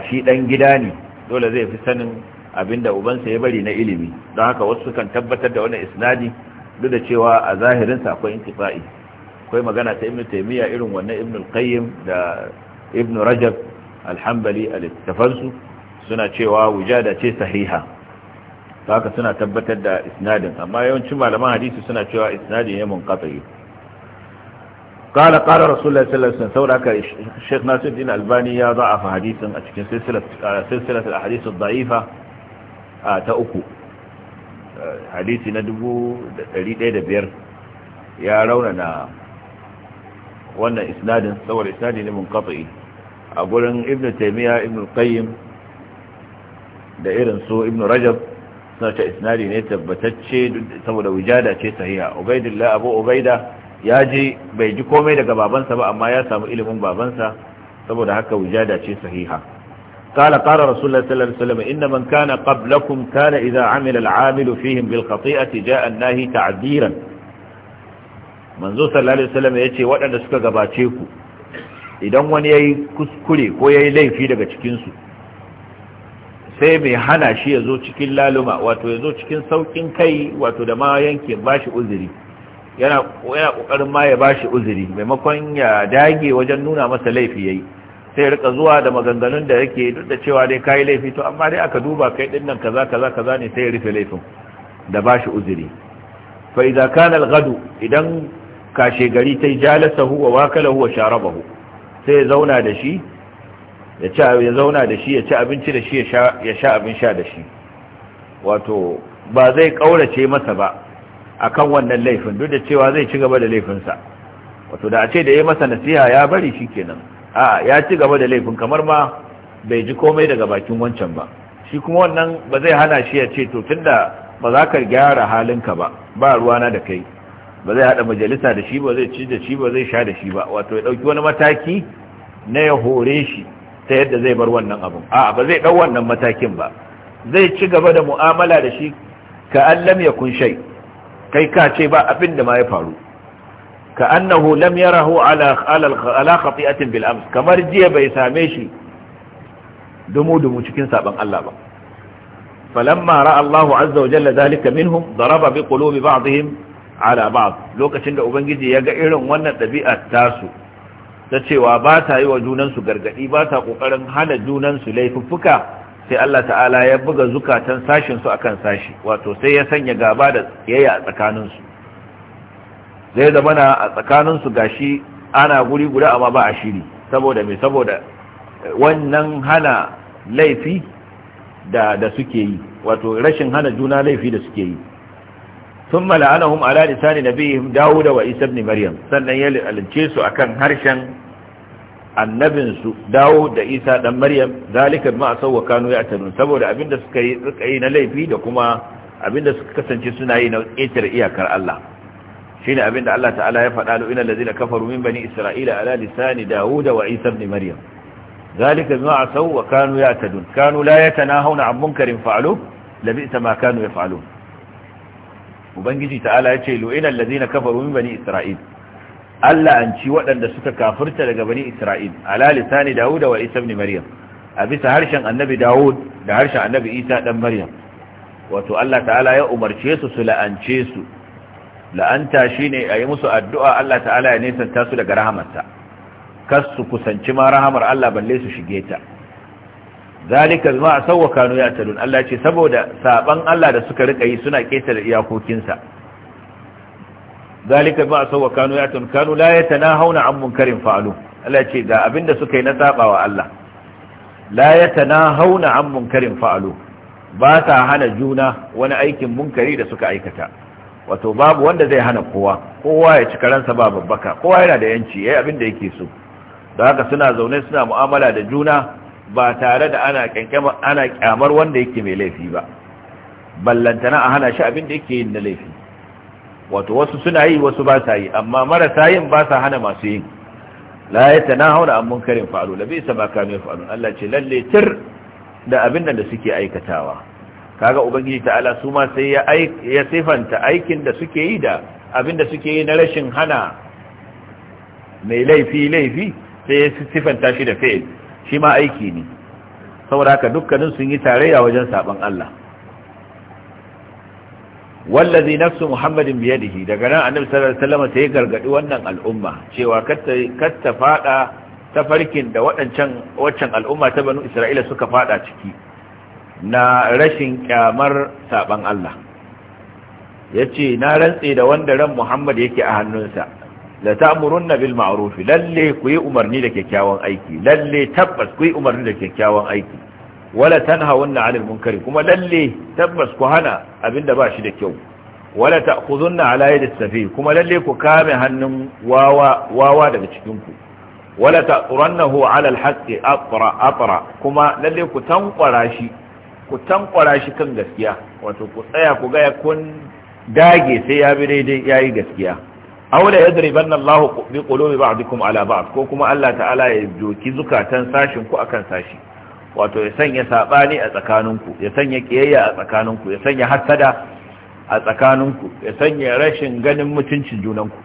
shi dan gida ne dole zai fi sanin abinda ubansa ya bari na ilimi don haka wasu sukan tabbatar da wani isnadi duk da cewa a zahirin sa akwai intifa'i akwai magana ta ibnu taymiya irin wannan ibnu qayyim da ibnu rajab al-hanbali al-tafansu suna cewa wujada ce sahiha haka suna tabbatar da isnadin amma yawancin malaman hadisi suna cewa isnadin ya munqati qala qala rasulullah sallallahu alaihi wasallam sauraka Sheikh Nasiruddin Albani ya za'afa hadisin a cikin silsilar silsilar al-ahadith daifa ta uku hadisi na da biyar ya raunana wannan isnadin saboda isnadi ne munqati a gurin Ibn Taymiyyah Ibn Qayyim da irin su Ibn Rajab suna ta isnadi ne tabbatacce saboda wujada ce sahiha Ubaidillah Abu Ubaida ya je bai ji komai daga babansa ba amma ya samu ilimin babansa saboda haka wujada ce sahiha qala qala rasulullahi sallallahu alaihi wasallam inna man kana qablakum kana idha amila al-amilu fihim bil khati'ati jaa an ta'diran manzo sallallahu alaihi wasallam yace waɗanda suka gabace ku idan wani yayi kuskure ko yayi laifi daga cikin su sai mai hana shi yazo cikin laluma wato yazo cikin saukin kai wato da ma yanke bashi uzuri yana kokarin ma ya bashi uzuri maimakon ya dage wajen nuna masa laifi yayi sai rika zuwa da maganganun da yake duk da cewa dai kai laifi to amma dai aka duba kai ɗinnan nan kaza kaza kaza ne sai ya rufe laifin da bashi uzuri fa idza kana al idan kashe gari tai jalasa wa wakalahu wa sharabahu sai ya zauna da shi ya ci ya zauna da shi ya ci abinci da shi ya sha abin sha da shi wato ba zai kaurace masa ba akan wannan laifin duk da cewa zai ci gaba da laifinsa wato da a ce da ya masa nasiha ya bari shi kenan a ya ci gaba da laifin kamar ma bai ji komai daga bakin wancan ba shi kuma wannan ba zai hana shi ya ce to tunda ba za ka gyara halinka ba ba ruwana da kai ba zai hada majalisa da shi ba zai ci da shi ba zai sha da shi ba wato ya dauki wani mataki na ya hore shi ta yadda zai bar wannan abun a ba zai dau wannan matakin ba zai ci gaba da mu'amala da shi ka allam yakun shay' kai ka ce ba abin da ma ya faru ka annahu lam yarahu ala ala khati'atin bil ams kamar jiya bai same shi dumu dumu cikin saban Allah ba falamma ra'a Allahu azza wa jalla zalika minhum daraba bi qulubi ba'dihim ala ba'd lokacin da ubangiji ya ga irin wannan ta tasu ta cewa ba ta yi wa junansu gargadi ba ta kokarin hana junansu laifuffuka sai Allah ta'ala ya buga zukatan sashin su akan sashi wato sai ya sanya gaba da tsayayya a tsakanin su zai zama na a tsakaninsu su gashi ana guri guda amma ba a shiri saboda me saboda eh, wannan hana laifi da da suke yi wato rashin hana juna laifi da suke yi mala'anahum ala na لسان dawo wa isa ibn Maryam, sannan ya lalace su akan harshen annabinsu dawo da isa dan maryam zalika ma asawwa kanu ya'tanun saboda abinda suka yi suka yi na laifi da kuma abinda suka kasance suna yi na ƙetar iyakar Allah shine abinda Allah ta'ala ya faɗa lu'ina allazina kafaru min bani isra'ila ala lisani dawuda wa isa ibn maryam zalika ma asawwa wa kanu ya'tadun kanu la yatanahuna 'an munkarin fa'alu labisa ma kanu yaf'alun ubangiji ta'ala ya ce lu'ina allazina kafaru min bani isra'ila Allah an ci waɗanda suka kafirta daga bani Isra'il ala lisani Dawud wa Isa ibn Maryam a bisa harshen Annabi Dawud da harshen Annabi Isa dan Maryam wato Allah ta'ala ya umarce su su la'ance su la'anta shine ayi musu addu'a Allah ta'ala ya nisanta su daga rahamarta. kas su kusanci ma rahamar Allah balle su shige ta zalika ma sawwa kanu ya talun Allah ce saboda saban Allah da suka rika yi suna ƙetare iyakokinsa zalika ba sau wa kanu ya tun kanu la ya hauna an karin fa'alu Allah ce ga abinda suka yi na sabawa Allah la ya hauna an karin fa'alu ba ta hana juna wani aikin munkari da suka aikata wato babu wanda zai hana kowa kowa ya ci karansa ba babbaka kowa yana da yanci yayi abin da yake so da haka suna zaune suna mu'amala da juna ba tare da ana kankama ana kyamar wanda yake mai laifi ba ballantana a hana shi abin da yake yin na laifi wato wasu suna yi wasu ba sa yi amma marasa yin ba sa hana masu yin la ya tanahuna an karin fa'alu la bisa ma kame yaf'alun Allah ce lalle tir da abin nan da suke aikatawa kaga ubangiji ta ta'ala su ma sai ya ya sifanta aikin da suke yi da abin da suke yi na rashin hana mai laifi laifi sai ya sifanta shi da fail shi ma aiki ne saboda haka dukkanin sun yi tarayya wajen saban Allah wallazi nafsu muhammadin biyadihi daga nan annabi sallallahu alaihi wasallam sai gargadi wannan al'umma cewa katta fada ta farkin da waɗancan waccan al'umma ta banu isra'ila suka fada ciki na rashin kyamar saban Allah yace na rantse da wanda ran muhammad yake a hannunsa la ta'murunna bil ma'ruf lalle ku yi umarni da kyakkyawan aiki lalle tabbas ku yi umarni da kyakkyawan aiki wala tanhawunna 'anil munkari kuma lalle tabbas ku hana abinda ba shi da kyau wala ta'khudunna 'ala yadis safi kuma lalle ku kame hannun wawa daga cikin ku wala ta'qurannahu 'ala al-haqqi aqra kuma lalle ku tankwara shi ku tankwara shi kan gaskiya wato ku tsaya ku gaya kun dage sai ya bi daidai yayi gaskiya aula yadribanna lahu bi qulubi ba'dikum ala ba'd ko kuma Allah ta'ala ya doki zukatan sashin ku akan sashi wato ya sanya sabani a tsakaninku ya sanya kiyayya a tsakaninku ya sanya hasada a tsakaninku ya sanya rashin ganin mutuncin junanku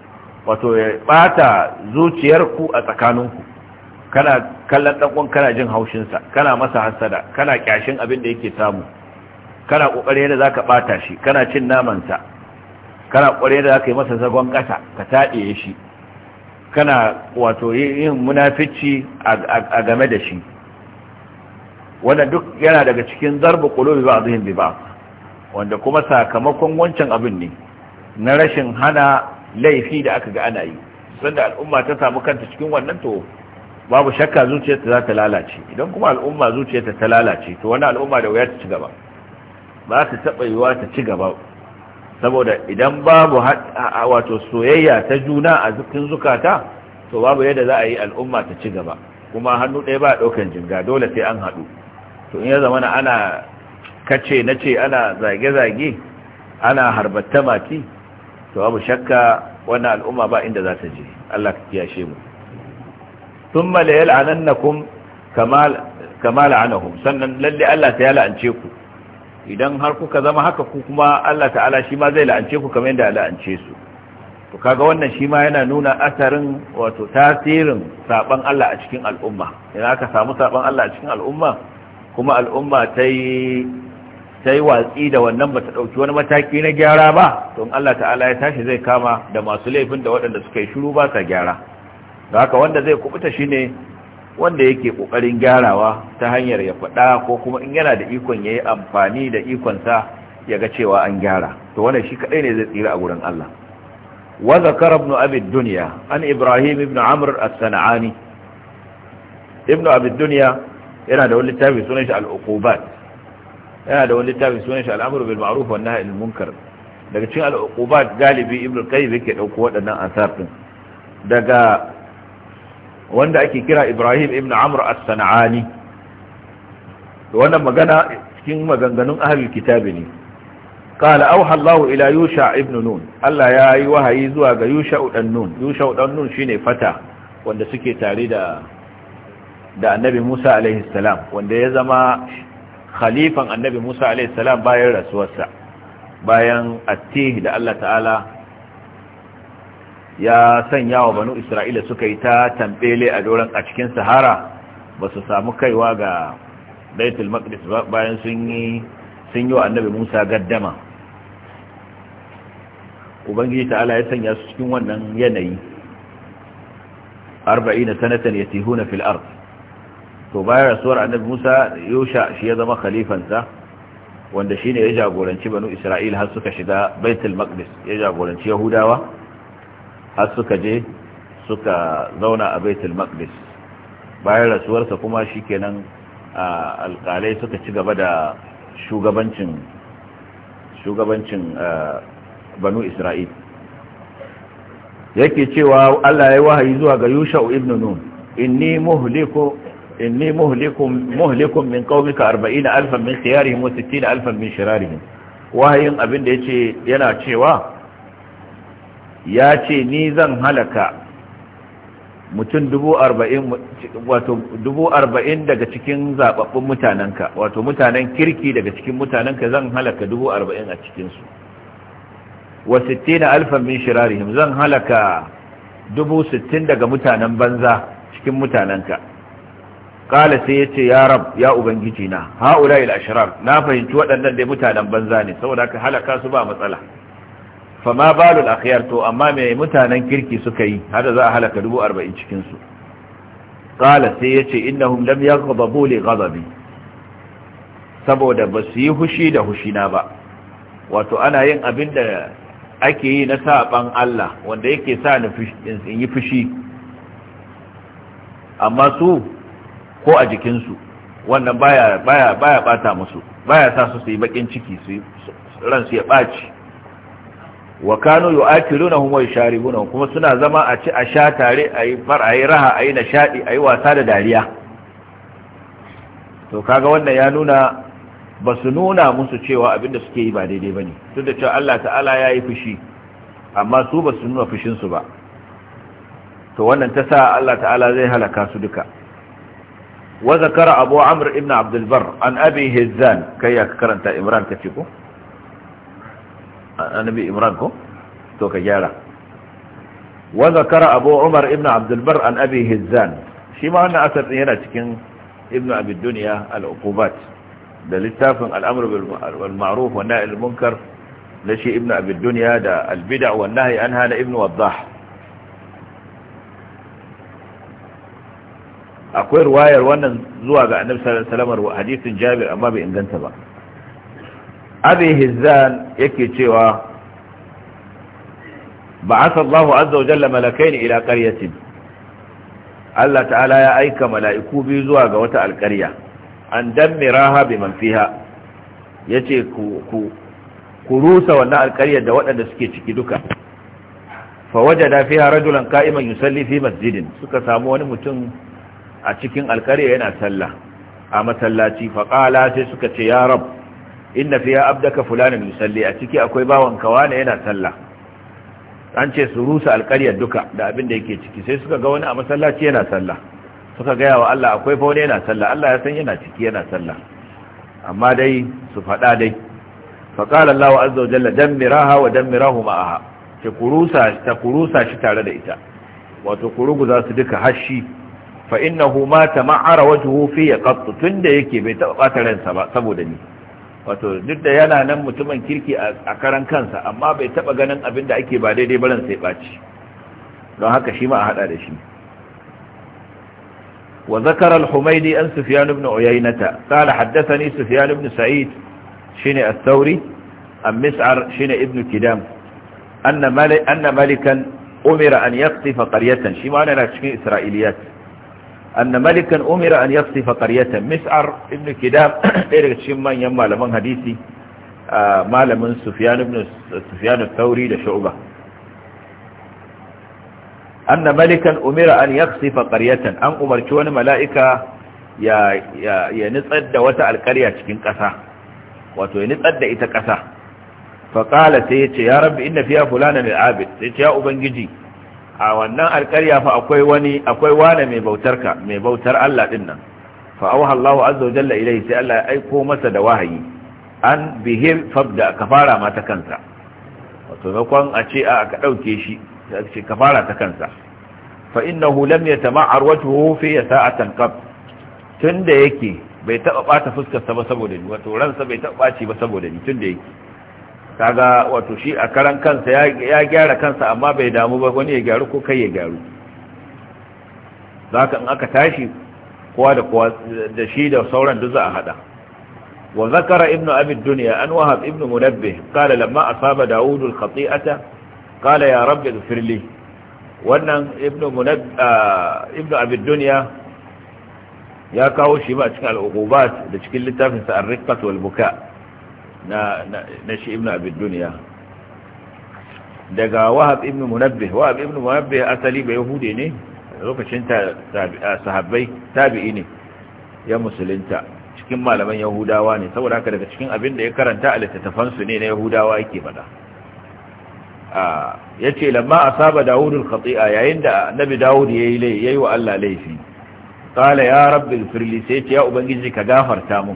wato ya bata zuciyarku a tsakaninku kana kallon ɗan'uwan kana jin haushinsa kana masa hasada kana kyashin abin da yake samu kana ƙoƙari yadda za ka shi kana cin namansa kana ƙoƙari yadda za yi masa zagon ƙasa ka tade shi kana wato yin munafici a game da shi wanda duk yana daga cikin zarba kulubi ba'dihim bi ba wanda kuma sakamakon wancan abin ne na rashin hana laifi da aka ga ana yi da al'umma ta samu kanta cikin wannan to babu shakka zuciyarta za ta lalace idan kuma al'umma zuciyarta ta lalace to wani al'umma da wuya ta ci gaba ba ta taɓa yiwuwa ta ci gaba saboda idan babu wato soyayya ta juna a cikin zukata to babu yadda za a yi al'umma ta ci gaba kuma hannu ɗaya ba ɗaukan jinga dole sai an haɗu to in ya zama na ana kace na ce ana zage-zage ana harbatta mati to abu shakka wannan al'umma ba inda za ta je Allah ka kiyashe mu ثم na كما كما لعنهم sannan lalle Allah ta la'ance ku idan har kuka zama haka ku kuma Allah ta'ala shi ma zai la'ance ku kamar yadda la'ance su to kaga wannan shi ma yana nuna asarin wato tasirin saban Allah a cikin al'umma idan aka samu saban Allah a cikin al'umma kuma al'umma ta yi watsi da wannan ba ta ɗauki wani mataki na gyara ba don Allah ta'ala ya tashi zai kama da masu laifin da waɗanda suka yi shiru ba sa gyara da haka wanda zai kubuta shi ne wanda yake ƙoƙarin gyarawa ta hanyar ya faɗa ko kuma in yana da ikon ya yi amfani da ikonsa ya ga cewa an gyara to wannan shi kaɗai ne zai tsira a gurin Allah wa zakara ibn abi dunya an ibrahim ibn amr as-sana'ani ibn abi dunya yana da wani littafi sunan shi al-uqubat yana da wani littafi sunan shi al bil ma'ruf wa nahy anil munkar daga cikin al galibi ibnu qayyim yake dauko waɗannan asar din daga wanda ake kira Ibrahim ibn Amr as-Sana'ani wannan magana cikin maganganun ahlul kitabi ne قال أوحى الله إلى يوشع ابن نون الله يا أيها يزوى يوشع النون يوشع النون شيني فتى وأن tare da. da annabi Musa alaihi salam wanda ya zama khalifan annabi Musa alaihi salam bayan rasuwarsa bayan attih da Allah ta'ala ya sanya wa banu Isra'ila suka yi ta tambele a doron a cikin Sahara ba su samu kaiwa ga Baitul Maqdis bayan sun yi sun yi wa annabi Musa gaddama Ubangiji ta'ala ya sanya su cikin wannan yanayi 40 sanatan yatihuna fil ardh to bayan rasuwar annabi Musa Yusha shi ya zama khalifansa wanda shine ya jagoranci banu Isra'il har suka shiga Baitul Maqdis ya jagoranci Yahudawa har suka je suka zauna a Baitul Maqdis bayan rasuwarsa kuma shikenan alƙalai suka ci gaba da shugabancin shugabancin banu Isra'il yake cewa Allah ya yi wahayi zuwa ga Yusha ibn Nun inni muhliku إني مهلكم, مهلكم min قومك أربعين ألفا من خيارهم وستين ألفا من شرارهم abin da yace yana cewa ya ce ni zan halaka mutum dubu arba'in wato dubu arba'in daga cikin zababbun mutanenka wato mutanen kirki daga cikin mutanenka zan halaka dubu arba'in a cikinsu wa sittina alfan min shirarihim zan halaka dubu sittin daga mutanen banza cikin mutanenka kala sai ya ce ya rab ya ubangiji na haula il ashrar na fahimci waɗannan da mutanen banza ne saboda ka halaka su ba matsala fama balul akhyar to amma me mutanen kirki suka yi hada za a halaka dubu arba'in cikin su kala sai ya ce innahum lam yaghdabu li ghadabi saboda ba su yi hushi da na ba wato ana yin abin da ake yi na saban Allah wanda yake sa ni in yi fushi amma su ko a jikinsu wannan baya bata musu baya sa su yi bakin ciki su ran su ya baci wa kanu yu'atilunahum wa yasharibunahum kuma suna zama a ci a sha tare ayi far yi raha ayi a ayi wasa da dariya to kaga wannan ya nuna ba su nuna musu cewa abinda suke yi ba daidai bane duk da cewa Allah ta'ala ya yi fushi amma su ba su nuna fushinsu ba to wannan ta sa Allah ta'ala zai halaka su duka وذكر أبو عمرو ابن عبد البر عن أبي هزان كي يكرنت إمران كتشكو النبي إمران كو توك جارة وذكر أبو عمر ابن عبد البر عن أبي هزان شما أن أثر هنا تكين ابن أبي الدنيا العقوبات ده للتافن الأمر بالمعروف والنهي المنكر لشي ابن أبي الدنيا ده البدع والنهي أنها لابن وضاح akwai ruwayar wannan zuwa ga annabi sallallahu alaihi wasallam hadisin Jabir amma bai inganta ba Abi Hizzan yake cewa ba'atha Allahu azza wa jalla malakaini ila qaryatin Allah ta'ala ya aika mala'iku biyu zuwa ga wata alƙarya an dammiraha biman fiha yace ku ku ku rusa wannan alƙaryar da waɗanda suke ciki duka fa wajada fiha rajulan qa'iman yusalli fi masjidin suka samu wani mutum a cikin alƙarya yana sallah a masallaci faƙala sai suka ce ya rab inna fiya abdaka fulanin musalli, a ciki akwai bawan kawana yana sallah an ce su rusa alkaryar duka da abin da yake ciki sai suka ga wani a masallaci yana sallah suka gaya wa Allah akwai fa yana sallah Allah ya san yana ciki yana sallah amma dai su faɗa dai faƙala Allah azza wa jalla wa dammirahu ma'aha ta kurusa shi tare da ita wato kurugu za su duka hashi fa inna hu mata ma'ara wata hufi ya katsu tun da yake bai taɓa ɓata ransa ba saboda ni wato duk da yana nan mutumin kirki a karan kansa amma bai taɓa ganin abin da ake ba daidai baran sai ɓaci don haka shi ma a haɗa da shi wa zakar al-humaidi an sufyan ibn uyaynata haddasa ni sufyan bn sa'id shine ath-thawri am mis'ar shine ibn kidam anna malik anna malikan umira an yaqtifa qaryatan shi ma ana cikin isra'iliyat anna malikan umira an yasifa qaryatan mis'ar ibn kidab ɗaya daga cikin manyan malaman hadisi malamin sufyan ibn da shu'ba anna malikan umira an yasifa qaryatan an umarci wani mala'ika ya ya ya nitsar wata alƙarya cikin ƙasa wato ya nitsar da ita ƙasa fa qala sai yace ya rabbi inna fiha fulanan al-abid sai ya ubangiji a wannan alƙarya fa akwai wani akwai wani mai bautar ka mai bautar Allah din nan fa auha Allahu azza wa jalla ilayhi sai Allah ya aiko masa da wahayi an bihim fabda ka fara ma ta kansa wato makon a ce a ka dauke shi sai ce ka fara ta kansa fa innahu lam yatama'ar wajhuhu fi sa'atan qab tunda yake bai taba bata fuskar sa ba saboda ni wato ransa bai taba baci ba saboda ni tunda yake kaga wato shi a karan kansa ya gyara kansa amma bai damu ba wani ya gyaru ko kai ya gyaru zaka in aka tashi kowa da kowa da shi da sauran duk za a hada wa zakara ibnu abi dunya an wahab ibnu munabbih qala lamma asaba daud al khati'ata qala ya rabbi ighfir li wannan ibnu munab ibnu abi dunya ya kawo shi ba cikin al-uqubat da cikin littafin sa ar-riqqat wal buka' na na shi ibnu abid dunya daga wahab ibnu munabbih wahab ibnu munabbih asali ba yahudi ne lokacin sahabbai tabi'i ne ya musulunta cikin malaman yahudawa ne saboda haka daga cikin abin da ya karanta a su ne na yahudawa yake bada ya ce lamma a saba dawudul khati'a yayin da nabi dawud ya yi wa allah laifi kala ya rabbi firli sai ce ya ubangiji ka gafarta mu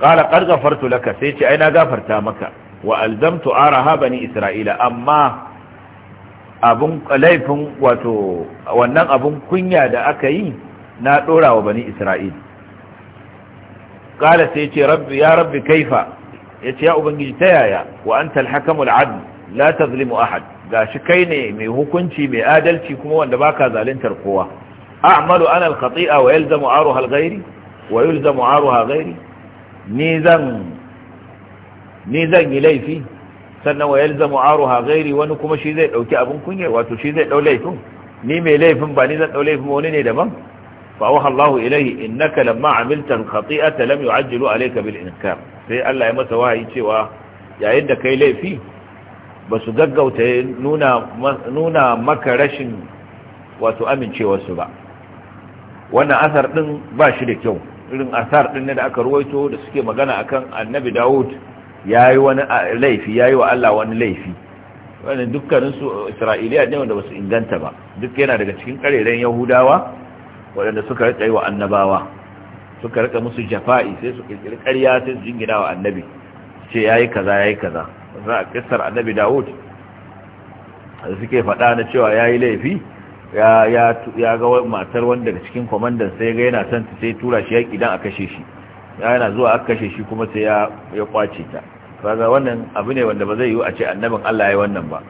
qala qad ghafartu laka sai ce aina gafarta maka wa alzamtu araha bani isra'ila amma abun laifin wato wannan abun kunya da aka yi na dora wa bani isra'il qala sai ce rabbi ya rabbi kaifa yace ya ubangiji ta yaya wa anta al-hakamul adl la tazlimu ahad gashi kai ne mai hukunci mai adalci kuma wanda baka zaluntar kowa a'malu ana al-khati'a wa yalzamu aruha al-ghairi wa yulzamu aruha ghairi ni zan yi laifi sannan wa yalzamu aruha ghairi wani kuma shi zai dauki abin kunya wato shi zai dau laifin ni mai laifin ba ni zan dau laifin wani ne daban fa auha Allahu ilayhi innaka lamma amilta al-khati'ata lam yu'ajjilu alayka bil inkar sai Allah ya masa wahayi cewa yayin da kai laifi ba su gaggauta nuna nuna maka rashin wato amincewarsu ba wannan asar din ba shi da kyau irin asar din da aka ruwaito da suke magana akan annabi dawud yayi wani laifi yayi wa Allah wani laifi wannan dukkanin su isra'iliya ne wanda basu inganta ba duk yana daga cikin kareren yahudawa waɗanda suka rika yi wa annabawa suka rika musu jafa'i sai su kirkiri ƙarya sai su jingina wa annabi ce yayi kaza yayi kaza za a kissar annabi dawud da suke faɗa na cewa yayi laifi ya ga matar wanda da cikin kwamandan sai ga yana son ta sai tura shi yaki dan a kashe shi yana zuwa aka kashe shi kuma sai ya ya kwace ta kaga wannan abu ne wanda ba zai yiwu a ce annabin Allah ya wannan ba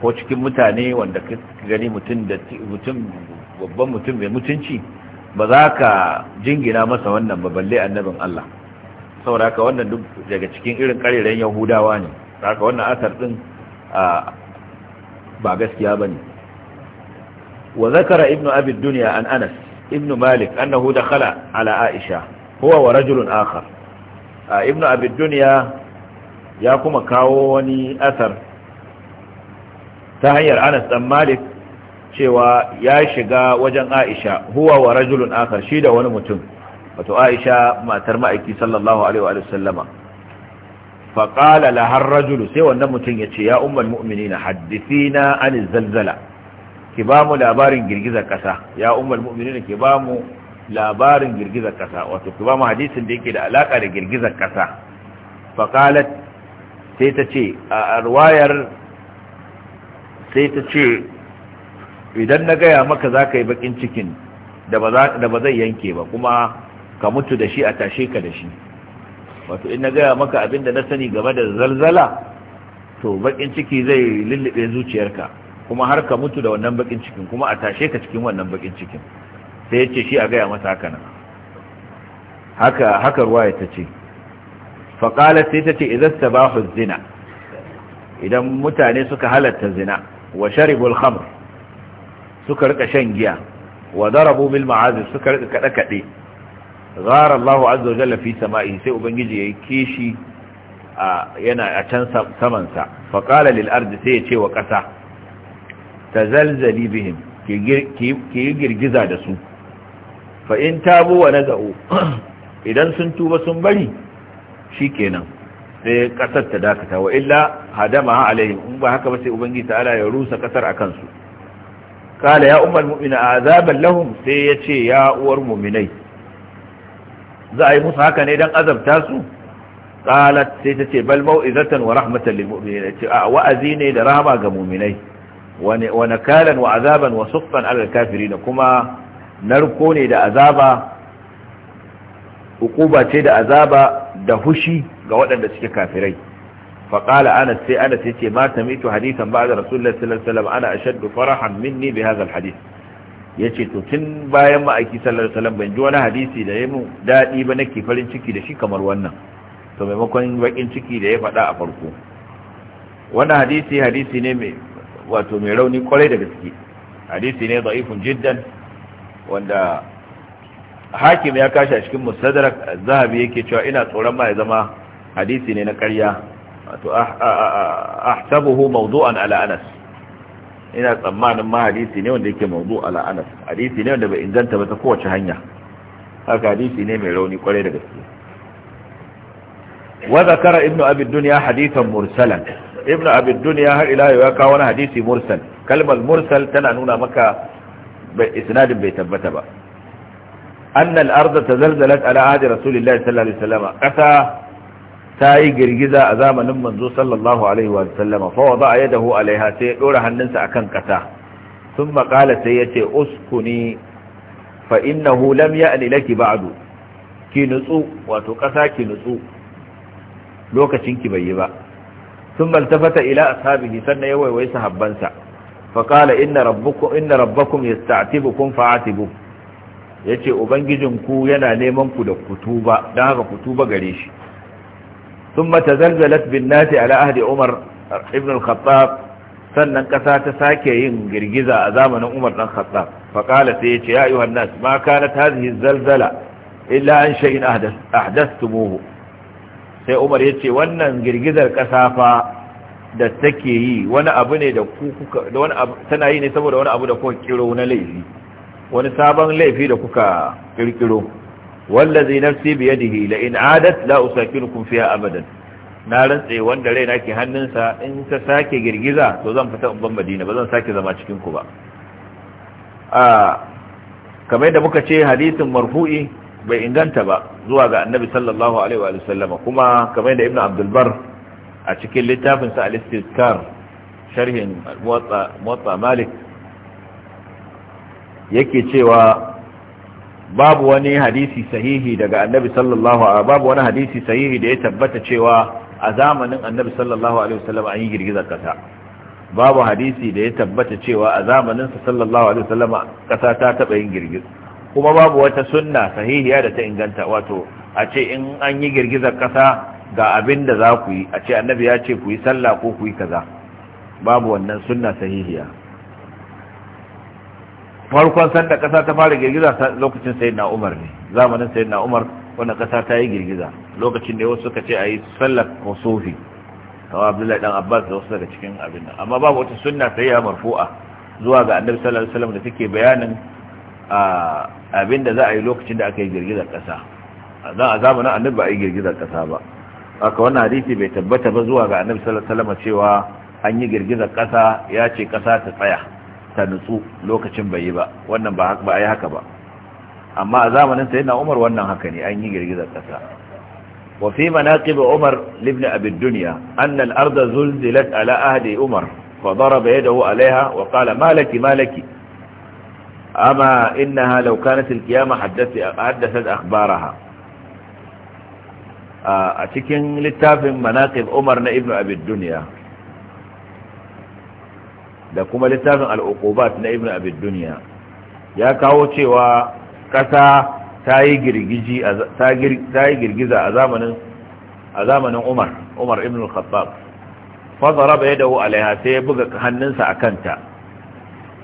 ko cikin mutane wanda ka gani mutum da mutum babban mutum mai mutunci ba za ka jingina masa wannan ba balle annabin Allah saboda haka wannan duk daga cikin irin kareren yahudawa ne haka wannan asar din ba gaskiya bane وذكر ابن أبي الدنيا عن أنس ابن مالك أنه دخل على عائشة هو ورجل آخر ابن أبي الدنيا ياكم كاوني أثر تهير أنس أم مالك cewa ya shiga wajen Aisha huwa wa rajulun akhar shi da wani mutum wato Aisha matar ma'aiki sallallahu alaihi wa sallama fa qala laha ar-rajul sai wanne mutum ce ya ummul mu'minina na 'anil zalzala ki ba mu labarin girgizar kasa ya ummul mu'minin ki ba mu labarin girgizar kasa wato ki ba mu hadisin da yake da alaka da girgizar kasa fa qalat sai ta ce a arwayar sai ta ce idan na gaya maka za ka yi bakin cikin da ba zai yanke ba kuma ka mutu da shi a tashe ka da shi wato in na gaya maka abinda na sani game da zalzala to bakin ciki zai lullube zuciyarka kuma har ka mutu da wannan bakin cikin kuma a tashe ka cikin wannan bakin cikin sai ya ce shi a gaya masa haka nan haka haka ya ta ce faƙala sai ta ce idan sabahu zina idan mutane suka halatta zina wa sharibul khamr suka rika shan giya wa darabu bil ma'azif suka rika kada kade ghara Allahu azza wa jalla fi sama'i sai ubangiji yayi kishi yana a can saman sa faqala lil ardi sai ya ce wa ƙasa ta zalzali bihim ki yi girgiza da su fa'in tabu wa naza'u *clears throat* idan sun tuba sun bari shi kenan sai ƙasar ta dakata wa illa hadama alaihim in ba haka ba sai ubangi ala ya rusa ƙasar a kansu kala ya umar mu'mina a azaban lahum sai ya ya uwar mu'minai za a yi musu haka ne don azabta su kala sai ta ce bal mau'izatan wa rahmatan lil mu'minin ce a wa'azi ne da rahama ga mu'minai wa nakalan wa azaban wa suqtan ala kafirin kuma narko ne da azaba hukuba ce da azaba da hushi ga waɗanda suke kafirai فقال أنا سي أنا سيتي ما تميت حديثا بعد رسول الله صلى الله عليه وسلم أنا أشد فرحا مني بهذا الحديث yace to tun bayan ma'aiki sallallahu alaihi wasallam ban ji wani hadisi da ya mu dadi ba nake farin ciki da shi kamar wannan to maimakon bakin ciki da ya faɗa a farko wannan hadisi hadisi ne mai wato mai rauni kwarai da gaske hadisi ne da'ifun jiddan wanda hakim ya kashi a cikin musaddarak zahabi yake cewa ina tsoron ma ya zama hadisi ne na karya. wato ah, ah, ah, ahsabuhu maudu an anas ina tsammanin ma hadisi ne wanda yake mawdu ala anas hadisi ne wanda bai inganta ba ta kowace hanya haka hadisi ne mai rauni kwarai da gaske wa zakara ibnu abi dunya hadithan mursalan ibnu abid ya har ila ya kawo wani hadisi mursal kalmar mursal tana nuna maka isnadin bai tabbata ba anna al-ardh tazalzalat ala ahdi rasulillahi sallallahu alaihi wasallam kasa ta yi girgiza a zamanin manzo sallallahu alaihi wa sallama fa wada yadahu alaiha sai ya dora hannunsa akan kasa thumma qala sai yace uskuni fa innahu lam ya'ni laki ba'du ki nutsu wato kasa ki nutsu lokacin ki bai yi ba ثم التفت إلى أصحابه سنة يوي ويس هبنسا فقال إن ربكم, إن ربكم يستعتبكم فاعتبوا yace ubangijinku yana neman ku da kutuba don haka kutuba gare shi mata tazalzalat bin nati ala ahdi umar ibn al-khattab sannan ƙasa ta sake yin girgiza a zamanin umar dan khattab fa sai ya yace ya ayuha nas ma kanat hadhihi zalzala illa an shay'in ahdath ahdathumuhu sai umar ya ce wannan girgizar ƙasa fa da take yi wani abu ne da kuka da wani abu tana yi ne saboda wani abu da kuka kiro na laifi wani sabon laifi da kuka kirkiro wallazi nafsi bi yadihi la in adat la usakinukum fiha abadan na rantse wanda raina ke hannunsa in ta sake girgiza to zan fita ban madina ba zan sake zama cikin ku ba a ah, kamar da muka ce hadisin marfu'i bai inganta ba zuwa ga annabi sallallahu alaihi wa sallama kuma kamar yadda ibnu abdul a cikin littafin sa al-istizkar sharhin Motsa malik yake cewa babu wani hadisi sahihi daga annabi sallallahu alaihi babu wani hadisi sahihi da ya tabbata cewa a zamanin annabi sallallahu alaihi wasallam an yi girgizar kasa babu hadisi da ya tabbata cewa a zamanin sa sallallahu alaihi wasallam kasa ta taba yin girgiza kuma babu wata sunna sahihiya da ta inganta wato a ce in an yi girgizar kasa ga abin da za ku yi a ce annabi ya ce ku yi sallah ko ku yi kaza babu wannan sunna sahihiya farkon sanda kasa ta fara girgiza lokacin na Umar ne zamanin na Umar wanda kasa ta yi girgiza lokacin da wasu suka ce a yi sallar kusufi kawai Abdullahi dan Abbas da wasu daga cikin abin nan amma babu wata sunna sahihiya marfu'a zuwa ga annabi sallallahu alaihi wasallam da take bayanin a abinda za a yi lokacin da aka yi girgizar ƙasa a zamanin annabi a yi girgizar ƙasa ba haka hadisi bai tabbata ba zuwa ga annabi sallallahu cewa an yi girgizar ƙasa ya ce ƙasa ta tsaya ta nutsu lokacin bai yi ba wannan ba ba yi haka ba amma a zamanin sayyidina Umar wannan haka ne an yi girgizar ƙasa wa fi ba Umar libni abin duniya. anna al-ardh zulzilat ala ahdi Umar fa ya dahu alaiha wa qala malaki malaki أما إنها لو كانت القيامة حدثت أخبارها أتكين للتافن مناقب أمر ابن أبي الدنيا لكم للتافن العقوبات ابن أبي الدنيا يا كاوتي وكسا تاي girgiza a zamanin umar umar ibn al-khattab fadara bai dawo alaiha sai ya buga hannunsa a kanta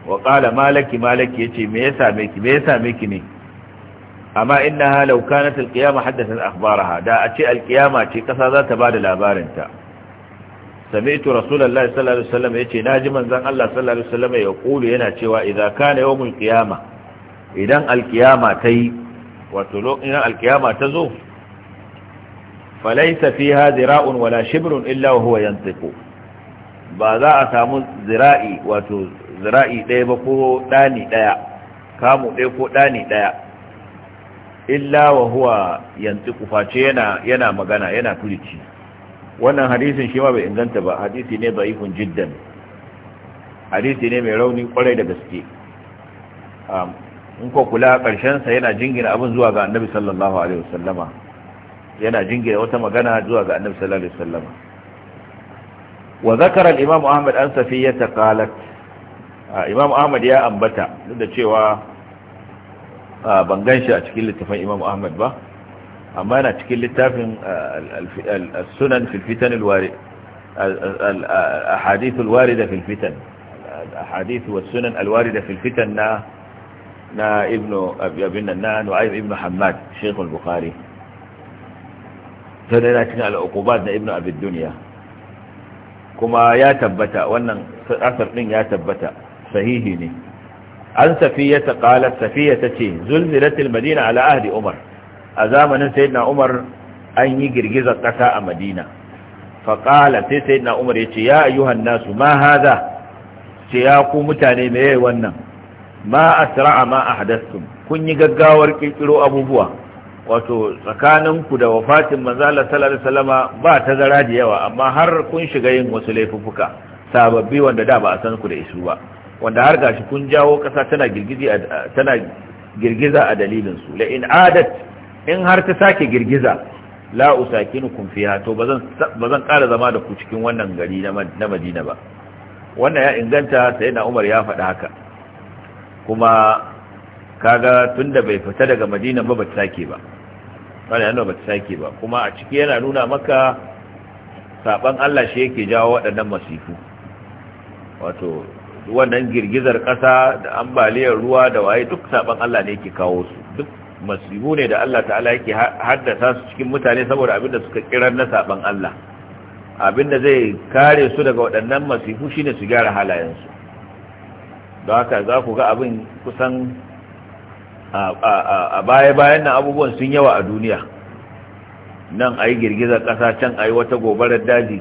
wa qala malaki malaki yace me ya same ki me ya same ki ne amma innaha law kanat alqiyama haddathat akhbaraha da a ce alqiyama ce ƙasa za ta bada labarin ta sami'tu Rasulallah sallallahu alaihi wasallam yace ji manzon Allah sallallahu alaihi wasallam ya kulu yana cewa "Idan kana yawmul qiyama idan alqiyama tayi wato lokacin alqiyama ta zo falaisa fiha zira'un wala shibrun illa huwa yantiqu ba za a samu zira'i wato zira'i ɗaya ba ko ɗani ɗaya kamu ɗaya ko ɗani ɗaya illa wa huwa yanzu kuface yana yana magana yana tulici wannan hadisin shi ma bai inganta ba hadisi ne da'ifun jiddan hadisi ne mai rauni kwarai da gaske in ko kula karshen sa yana jingina abin zuwa ga annabi sallallahu alaihi wasallama yana jingina wata magana zuwa ga annabi sallallahu alaihi wasallama wa zakara al-imam ahmad an ta qalat imam ahmad ya ambata duk da cewa ban ganshi a cikin littafin imam ahmad ba amma yana cikin littafin sunan filfitan alwari ahadithul warida filfitan ahadithu was sunan alwarida filfitan na na ibnu abin nan na nu'aym ibn hammad shaykh al-bukhari sai yana cikin al-uqubat na ibn abid dunya kuma ya tabbata wannan asar din ya tabbata sahihi ne an safiya ta qalat safiya tace zulzilatil madina ala ahdi umar a zamanin sayyidina umar an yi girgizar kasa a madina fa qala sai sayyidina umar yace ya ayyuhan nasu ma hadha ce ya ku mutane meye wannan ma asra'a ma ahdathtum kun yi gaggawar kirkiro abubuwa wato tsakaninku da wafatin manzala sallallahu alaihi wasallama ba ta da yawa amma har kun shiga yin wasu laifuffuka sababbi wanda da ba a san ku da isu ba wanda har gashi kun jawo kasa tana girgiza tana girgiza a dalilin su la in adat in har ta sake girgiza la usakinukum fiha to bazan bazan kara zama da ku cikin wannan gari na Madina ba wannan ya inganta sayyidina Umar ya faɗa haka kuma kaga tunda bai fita daga Madina ba ba sake ba wannan yana ba sake ba kuma a ciki yana nuna maka saban Allah shi yake jawo waɗannan masifu wato wannan girgizar ƙasa da ambaliyar ruwa da waye duk saban Allah ne yake kawo su duk masibu ne da Allah ta'ala yake haddasa su cikin mutane saboda abin da suka kirar na saban Allah abinda zai kare su daga waɗannan masifu shine su gyara halayensu don haka za ku ga abin kusan a baya-bayan nan abubuwan sun yawa a duniya nan a yi girgizar ƙasa can a yi wata gobarar daji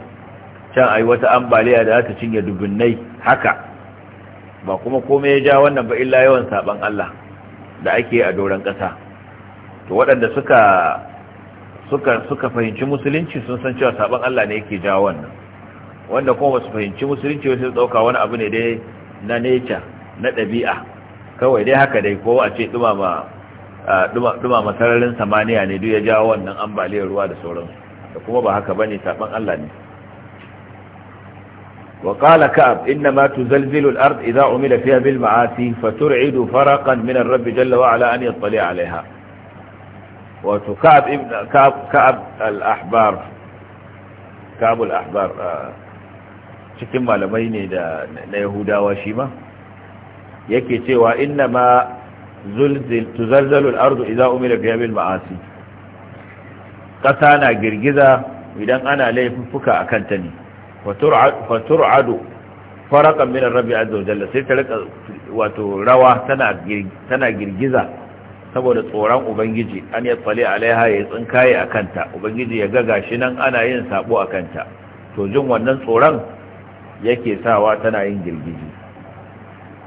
can a yi wata ambaliya da za ta cinye dubunnai haka ba kuma komai ya ja wannan ba illa yawan saban Allah da ake a doron ƙasa to waɗanda suka suka suka fahimci musulunci sun san cewa saban Allah ne yake ja wannan wanda kuma ba su fahimci musulunci wasu ɗauka wani abu ne dai na nature na ɗabi'a kawai dai haka dai ko a ce ɗumama dumama sararin samaniya ne duk ya jawo wannan ambaliyar ruwa da sauransu da kuma ba haka bane saban Allah ne وقال كعب إنما تزلزل الأرض إذا عمل فيها بالمعاصي فترعد فرقا من الرب جل وعلا أن يطلع عليها وكعب كعب, كعب الأحبار كعب الأحبار cikin malamai ne da na yahudawa shi yake cewa inna ma tuzalzalul ardu idza umila biha bil ma'asi kasa na girgiza idan ana laifuffuka akan ne fatur'adu farakan minar rabi azza wa sai ta rika wato rawa tana girgiza saboda tsoron ubangiji an ya tsale alaiha ya tsinkaye a kanta ubangiji ya ga gashi nan ana yin sabo a kanta to jin wannan tsoron yake sawa tana yin girgiji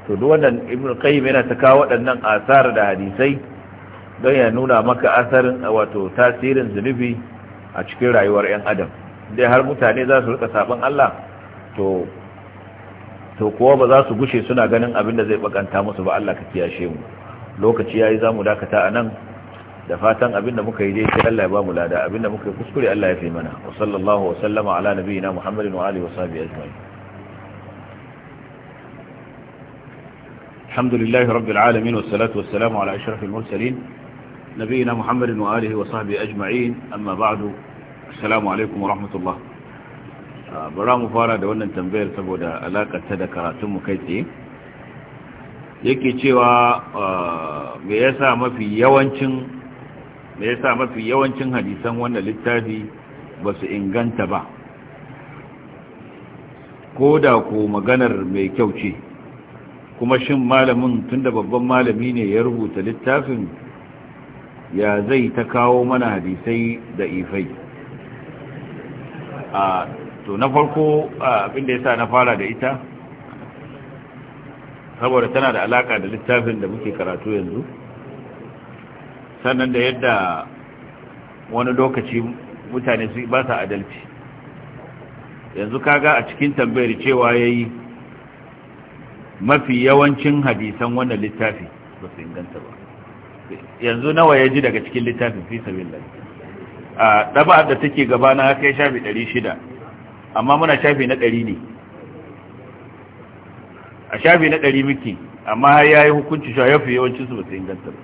to duk wannan ibn qayyim yana ta kawo waɗannan asar da hadisai don ya nuna maka asarin wato tasirin zunubi a cikin rayuwar 'yan adam dai har mutane za su rika saban Allah to to kowa ba za su gushe suna ganin abin da zai bakanta musu ba Allah ka kiyashe mu lokaci yayi zamu dakata anan da fatan abin da muka yi dai sai Allah ya ba mu lada abin da muka yi kuskure Allah ya fi mana wa sallallahu wa sallama ala nabiyyina Muhammadin wa alihi wa sahbihi ajma'in alhamdulillahi rabbil alamin was salatu was salamu ala ashrafil mursalin nabiyyina Muhammadin wa alihi wa sahbihi ajma'in amma ba'du assalamu alaikum wa rahmatullah ah, bara mu fara da wannan tambayar saboda ta da karatunmu kai tsaye yake cewa ah, me yasa mafi yawancin me yasa mafi yawancin hadisan wannan littafi ba su inganta ba ko da ko maganar mai kyau ce kuma shin malamin tunda babban malami ne ya rubuta littafin ya zai ta kawo mana hadisai da ifai to na farko abinda ya sa na fara da ita saboda tana da alaka da littafin da muke karatu yanzu sannan da yadda wani lokaci mutane su ba sa adalci yanzu kaga a cikin tambayar cewa ya yi mafi yawancin hadisan wannan littafi ba su inganta ba yanzu nawa ya ji daga cikin littafin fi sabin lafi a daba da take gabana na ya shafi ɗari shida amma muna shafi na ɗari ne a shafi na ɗari miki amma ya yi hukunci sha yafi yawancinsu ba su inganta ba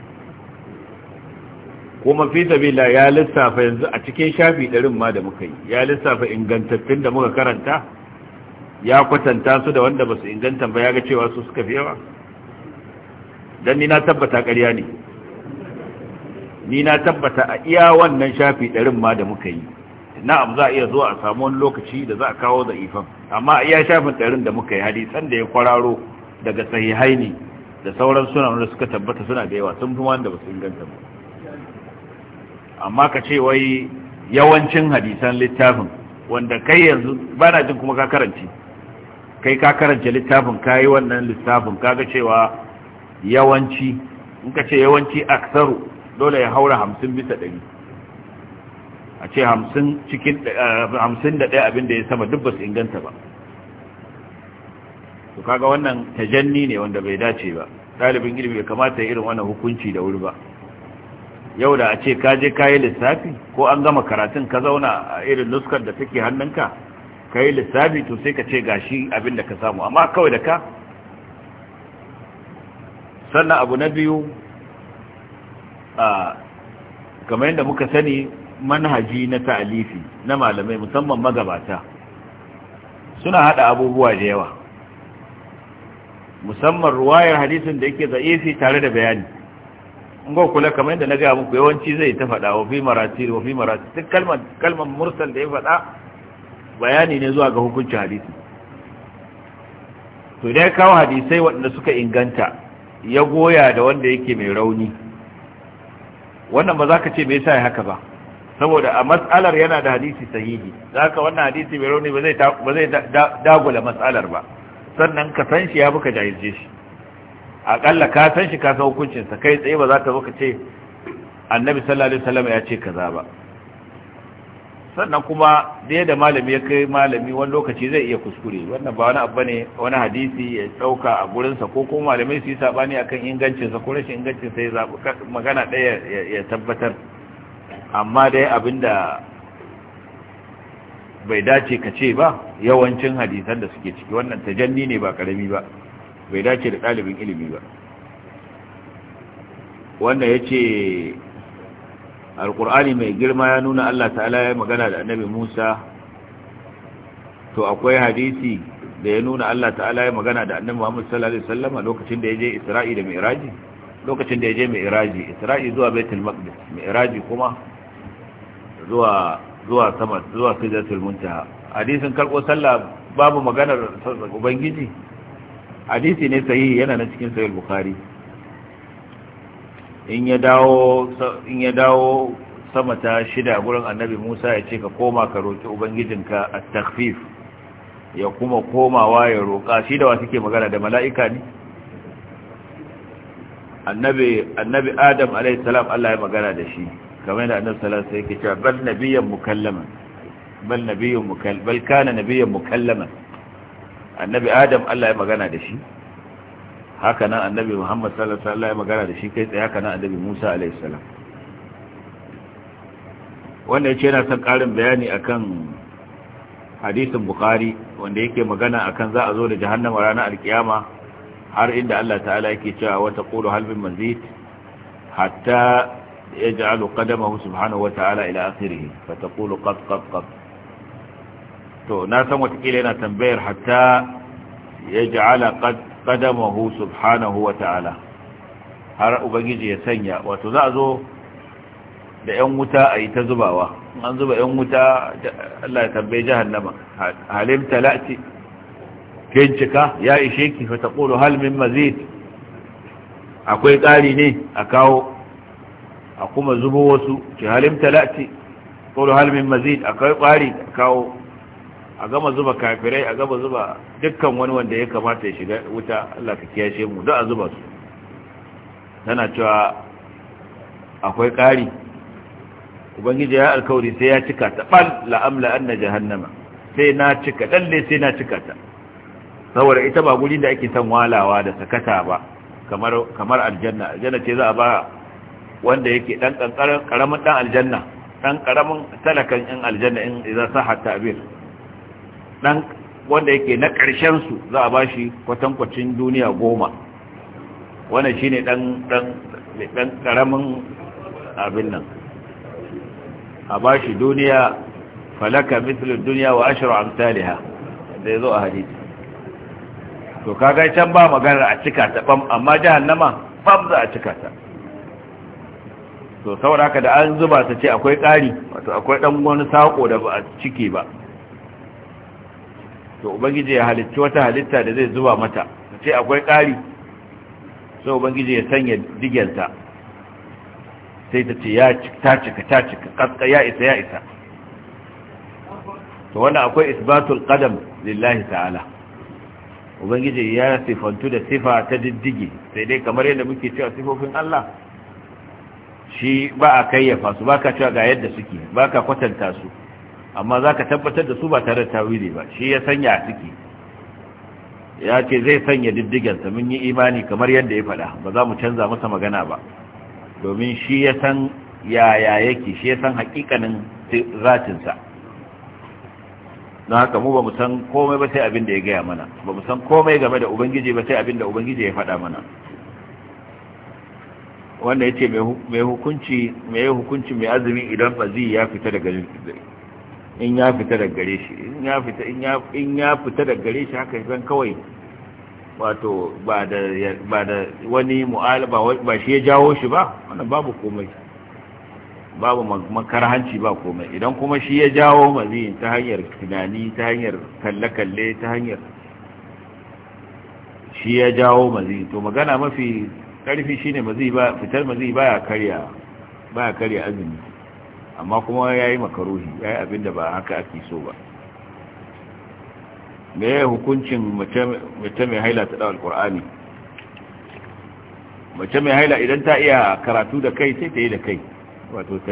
kuma fi sabila ya lissafa yanzu a cikin shafi ɗarin ma da muka yi ya lissafa ingantattun da muka karanta ya kwatanta su da wanda ba su inganta ba ya ga cewa su suka fi yawa don ni na tabbata ƙarya ne ni na tabbata a iya wannan shafi ɗarin ma da muka yi na'am za a iya zuwa a samu wani lokaci da za a kawo da ifan amma a iya shafin ɗarin da muka yi hadisan da ya kwararo daga sahihai ne da sauran suna wanda suka tabbata suna da yawa sun fi wanda ba su inganta ba amma ka ce wai yawancin hadisan littafin wanda kai yanzu ba na jin kuma ka karanci kai ka karance littafin ka yi wannan littafin ka ga cewa yawanci in ka ce yawanci aksaru dole ya haura hamsin bisa ɗari a ce hamsin cikin eh, da ɗaya abinda ya sama duk su inganta ba to kaga wannan tajanni ne wanda bai dace ba ɗalibin ilimi ya kamata irin wannan hukunci da wuri ba yau da a ce ka je ka lissafi ko an gama karatun ka zauna a irin nuskar da take hannunka ka yi lissafi to sai ka ce gashi abin da ka samu amma kawai da ka sannan abu na biyu kamar yadda muka sani manhaji na ta'alifi na malamai musamman magabata suna hada abubuwa da yawa musamman ruwayar hadisin da yake za'ifi tare da bayani in ga kula kamar yadda na gaya muku yawanci zai ta faɗa wa fi maratir wa fi maratir duk kalmar kalmar mursal da ya faɗa bayani ne zuwa ga hukuncin hadisi to dai kawo hadisai waɗanda suka inganta ya goya da wanda yake mai rauni wannan ba za ka ce me yasa ya haka ba saboda a matsalar yana da hadisi sahihi zaka wannan hadisi mai rauni ba zai ba zai dagula matsalar ba sannan ka san shi ya buka jahilce shi akalla ka san shi ka san hukuncin sa kai tsaye ba za ka zo ka ce annabi sallallahu alaihi wasallam ya ce kaza ba sannan kuma da da malami ya kai malami wani lokaci zai iya kuskure wannan ba wani abu ne wani hadisi ya dauka a gurinsa ko kuma malamai su yi sabani akan ingancinsa ko rashin ingancinsa ya zaɓi magana ɗaya ya tabbatar amma dai abinda bai dace ka ce ba yawancin hadisan da suke ciki wannan tajanni ne ba karami ba bai dace da ɗalibin ilimi ba wannan ya ce alkur'ani mai girma ya nuna Allah ta'ala ya magana da annabi Musa to akwai hadisi da ya nuna Allah ta'ala ya magana da annabi Muhammad sallallahu alaihi wasallam lokacin da ya je Isra'i da Mi'raj lokacin da ya je Mi'raj Isra'i zuwa Baitul Maqdis Mi'raj kuma zuwa zuwa sama zuwa Sidratul Muntaha hadisin karbo sallah babu maganar ubangiji hadisi ne sahihi yana na cikin sahih Bukhari in ya dawo sama ta shida gurin annabi musa ya ce ka koma ka roƙi ubangijinka a takfif ya kuma komawa ya roƙa shi da wasu ke magana da mala'ika ne annabi adam alaihissalam allah ya magana da shi kamar da annabi salasa yake cewa bal nabiyan mukallama bal nabiyan mukallama bal kana nabiyan mukallaman annabi adam allah ya magana da shi haka nan annabi muhammad sallallahu alaihi wasallam magana da shi kai tsaye haka nan annabi musa alaihi salam wanda yace yana son karin bayani akan hadisin bukhari wanda yake magana akan za a zo da jahannama ranar alkiyama har inda Allah ta'ala yake cewa wa taqulu hal min mazid hatta yaj'alu qadamahu subhanahu wa ta'ala ila akhirih fa taqulu qad qad qad to na san wata kila yana tambayar hatta yaj'ala qad qadamahu subhanahu wa ta'ala har ubangiji ya sanya wato za a zo da yan wuta a yi ta zubawa an zuba yan wuta Allah ya tambaye jahannama halim talati kin cika ya ishe ki fa taqulu hal min mazid akwai ƙari ne a kawo a kuma zubo wasu ki halim talati hal min mazid akwai ƙari. a kawo a gama zuba kafirai a gama zuba dukkan wani wanda ya kamata ya shiga wuta Allah ka kiyashe mu da a zuba su tana cewa akwai ƙari ubangiji ya alkawari sai ya cika ta bal la'amla anna jahannama sai na cika lalle sai na cika ta saboda ita ba guri da ake son walawa da sakata ba kamar kamar aljanna aljanna ce za a ba wanda yake dan kankaran karamin dan aljanna dan karamin talakan in aljanna in idza sahat ta'bir dan wanda yake na ƙarshen su za a ba shi kwatankwacin duniya goma wanda shine ne dan dan karamin abin nan a ba shi duniya falaka mithlu dunya wa ashru amsalha da yazo a hadisi to kaga can ba magana a cika ta bam amma jahannama bam za a cika ta to saboda haka da an zuba ta ce akwai ƙari wato akwai dan wani sako da ba a cike ba to ubangiji ya halicci wata halitta da zai zuba mata ce akwai ƙari sai ubangiji ya sanya digenta sai ta ce ya ta cika ta cika kaska ya isa ya isa to wannan akwai isbatul qadam lillahi ta'ala ubangiji ya sifantu da sifa ta diddige sai dai kamar yadda muke cewa sifofin Allah shi ba a kayyafa su baka cewa ga yadda suke baka kwatanta su amma za ka tabbatar da su ba tare da tawili ba shi ya sanya a ciki. ya ce zai sanya diddigansa mun yi imani kamar yadda ya faɗa ba za mu canza masa magana ba domin shi ya san yaya yake shi ya san hakikanin zatinsa don haka mu ba mu san komai ba sai abin da ya gaya mana ba mu san komai game da ubangiji ba sai abin da ubangiji ya faɗa mana Wannan ya ce mai hukunci mai azumi idan fazi ya fita daga in ya fita daga gare shi in ya fita in ya fita daga gare shi haka zan kawai wato ba da ba da wani mu'ala ba shi ya jawo shi ba wannan babu komai babu makarhanci ba komai idan kuma shi ya jawo maziyin ta hanyar tunani ta hanyar kalle-kalle ta hanyar shi ya jawo maziyin to magana mafi karfi shine maziyi ba fitar maziyi baya karya ya karya azumi amma kuma ya yi makaruhi ya yi abin da ba haka ake so ba me ya hukuncin mace mai haila ta ɗawar ƙorani mace mai haila idan ta iya karatu da kai sai ta yi da kai wato ta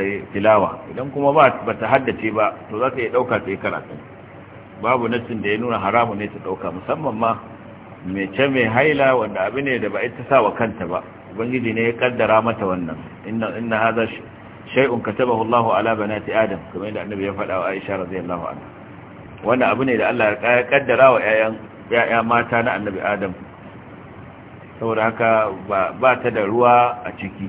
yi tilawa idan kuma ba ta haddace ba to za ta iya ɗauka ta yi karatu babu nassin da ya nuna haramu ne ta ɗauka musamman ma mace mai haila wanda abu ne da ba ita sa wa kanta ba ubangiji ne ya kaddara mata wannan inna hadha shay'un katabahu Allahu ala banati Adam kamar yadda annabi ya faɗa wa Aisha radiyallahu anha wannan abu ne da Allah ya kaddara wa ƴaƴan ƴaƴa mata na annabi Adam saboda haka ba ta da ruwa a ciki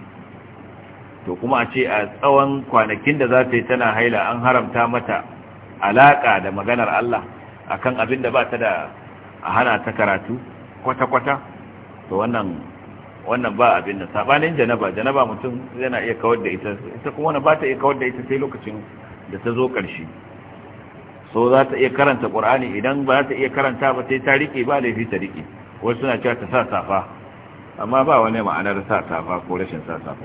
to kuma a ce a tsawon kwanakin da za ta yi tana haila an haramta mata alaƙa da maganar Allah akan abin da ba ta da a hana ta karatu kwata-kwata to wannan wannan ba abin da sabanin janaba janaba mutum yana iya kawar da ita ita kuma wannan ba ta iya kawar da ita sai lokacin da ta zo ƙarshe so za ta iya karanta ƙur'ani idan ba za ta iya karanta ba sai ta riƙe ba laifi ta riƙe wasu suna cewa ta sa safa amma ba wani ma'anar sa safa ko rashin sa safa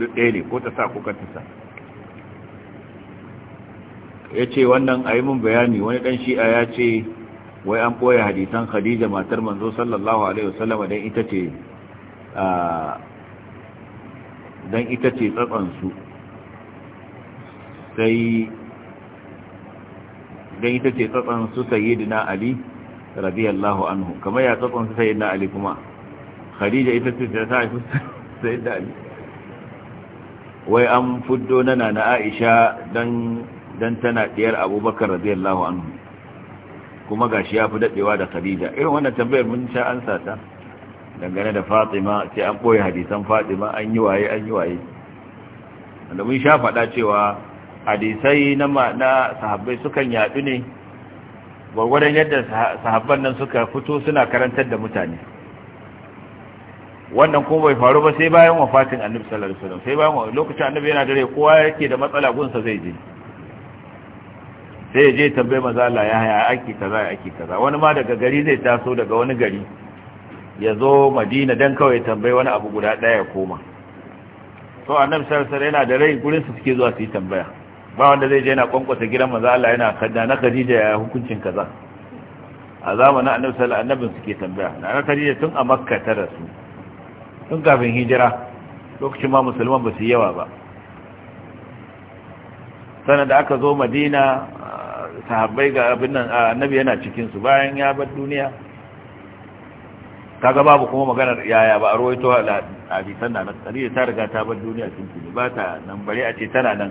duk ɗaya ne ko ta sa ko kanta ta sa ya ce wannan a yi mun bayani wani ɗan shi'a ya ce wai an ɓoye hadisan khadija matar manzo sallallahu alaihi wasallama don ita ce don ita ce tsatsansu sai don ita ce tsatsansu sayyidina ali radiyallahu anhu kamar ya tsatsansu sayyidina ali kuma khadija ita ce ta haifu sayyidina ali wai an fuddo na na aisha don tana ɗiyar abubakar radiyallahu anhu kuma gashi ya fi daɗewa da khadija irin wannan tambayar mun sha ansa ta dangane da fatima sai an ɓoye hadisan fatima an yi waye an yi waye wanda mun sha faɗa cewa hadisai na sahabbai sukan yaɗu ne gwargwadon yadda sahabban nan suka fito suna karantar da mutane wannan kuma bai faru ba sai bayan wafatin annabi sallallahu alaihi wasallam sai bayan lokacin annabi yana dare kowa yake da matsala gunsa zai je sai je tambaye maza Allah ya haya aiki kaza aiki kaza wani ma daga gari zai taso daga wani gari ya zo madina don kawai tambayi wani abu guda ɗaya ya koma so annabi sarsar yana da rai gurin su suke zuwa su yi tambaya ba wanda zai je yana kwankwasa gidan maza Allah yana kadda na Khadija ya hukuncin kaza a zamanin annabi sallallahu suke tambaya na Khadija tun a Makka ta rasu tun kafin hijira lokacin ma musulman ba su yawa ba sanar da aka zo Madina sahabbai ga abin nan annabi yana cikin su bayan ya bar duniya kaga babu kuma maganar yaya ba a ruwaito a bisan na nan khadija ta riga ta bar duniya tun tuni ba ta nan bare a ce tana nan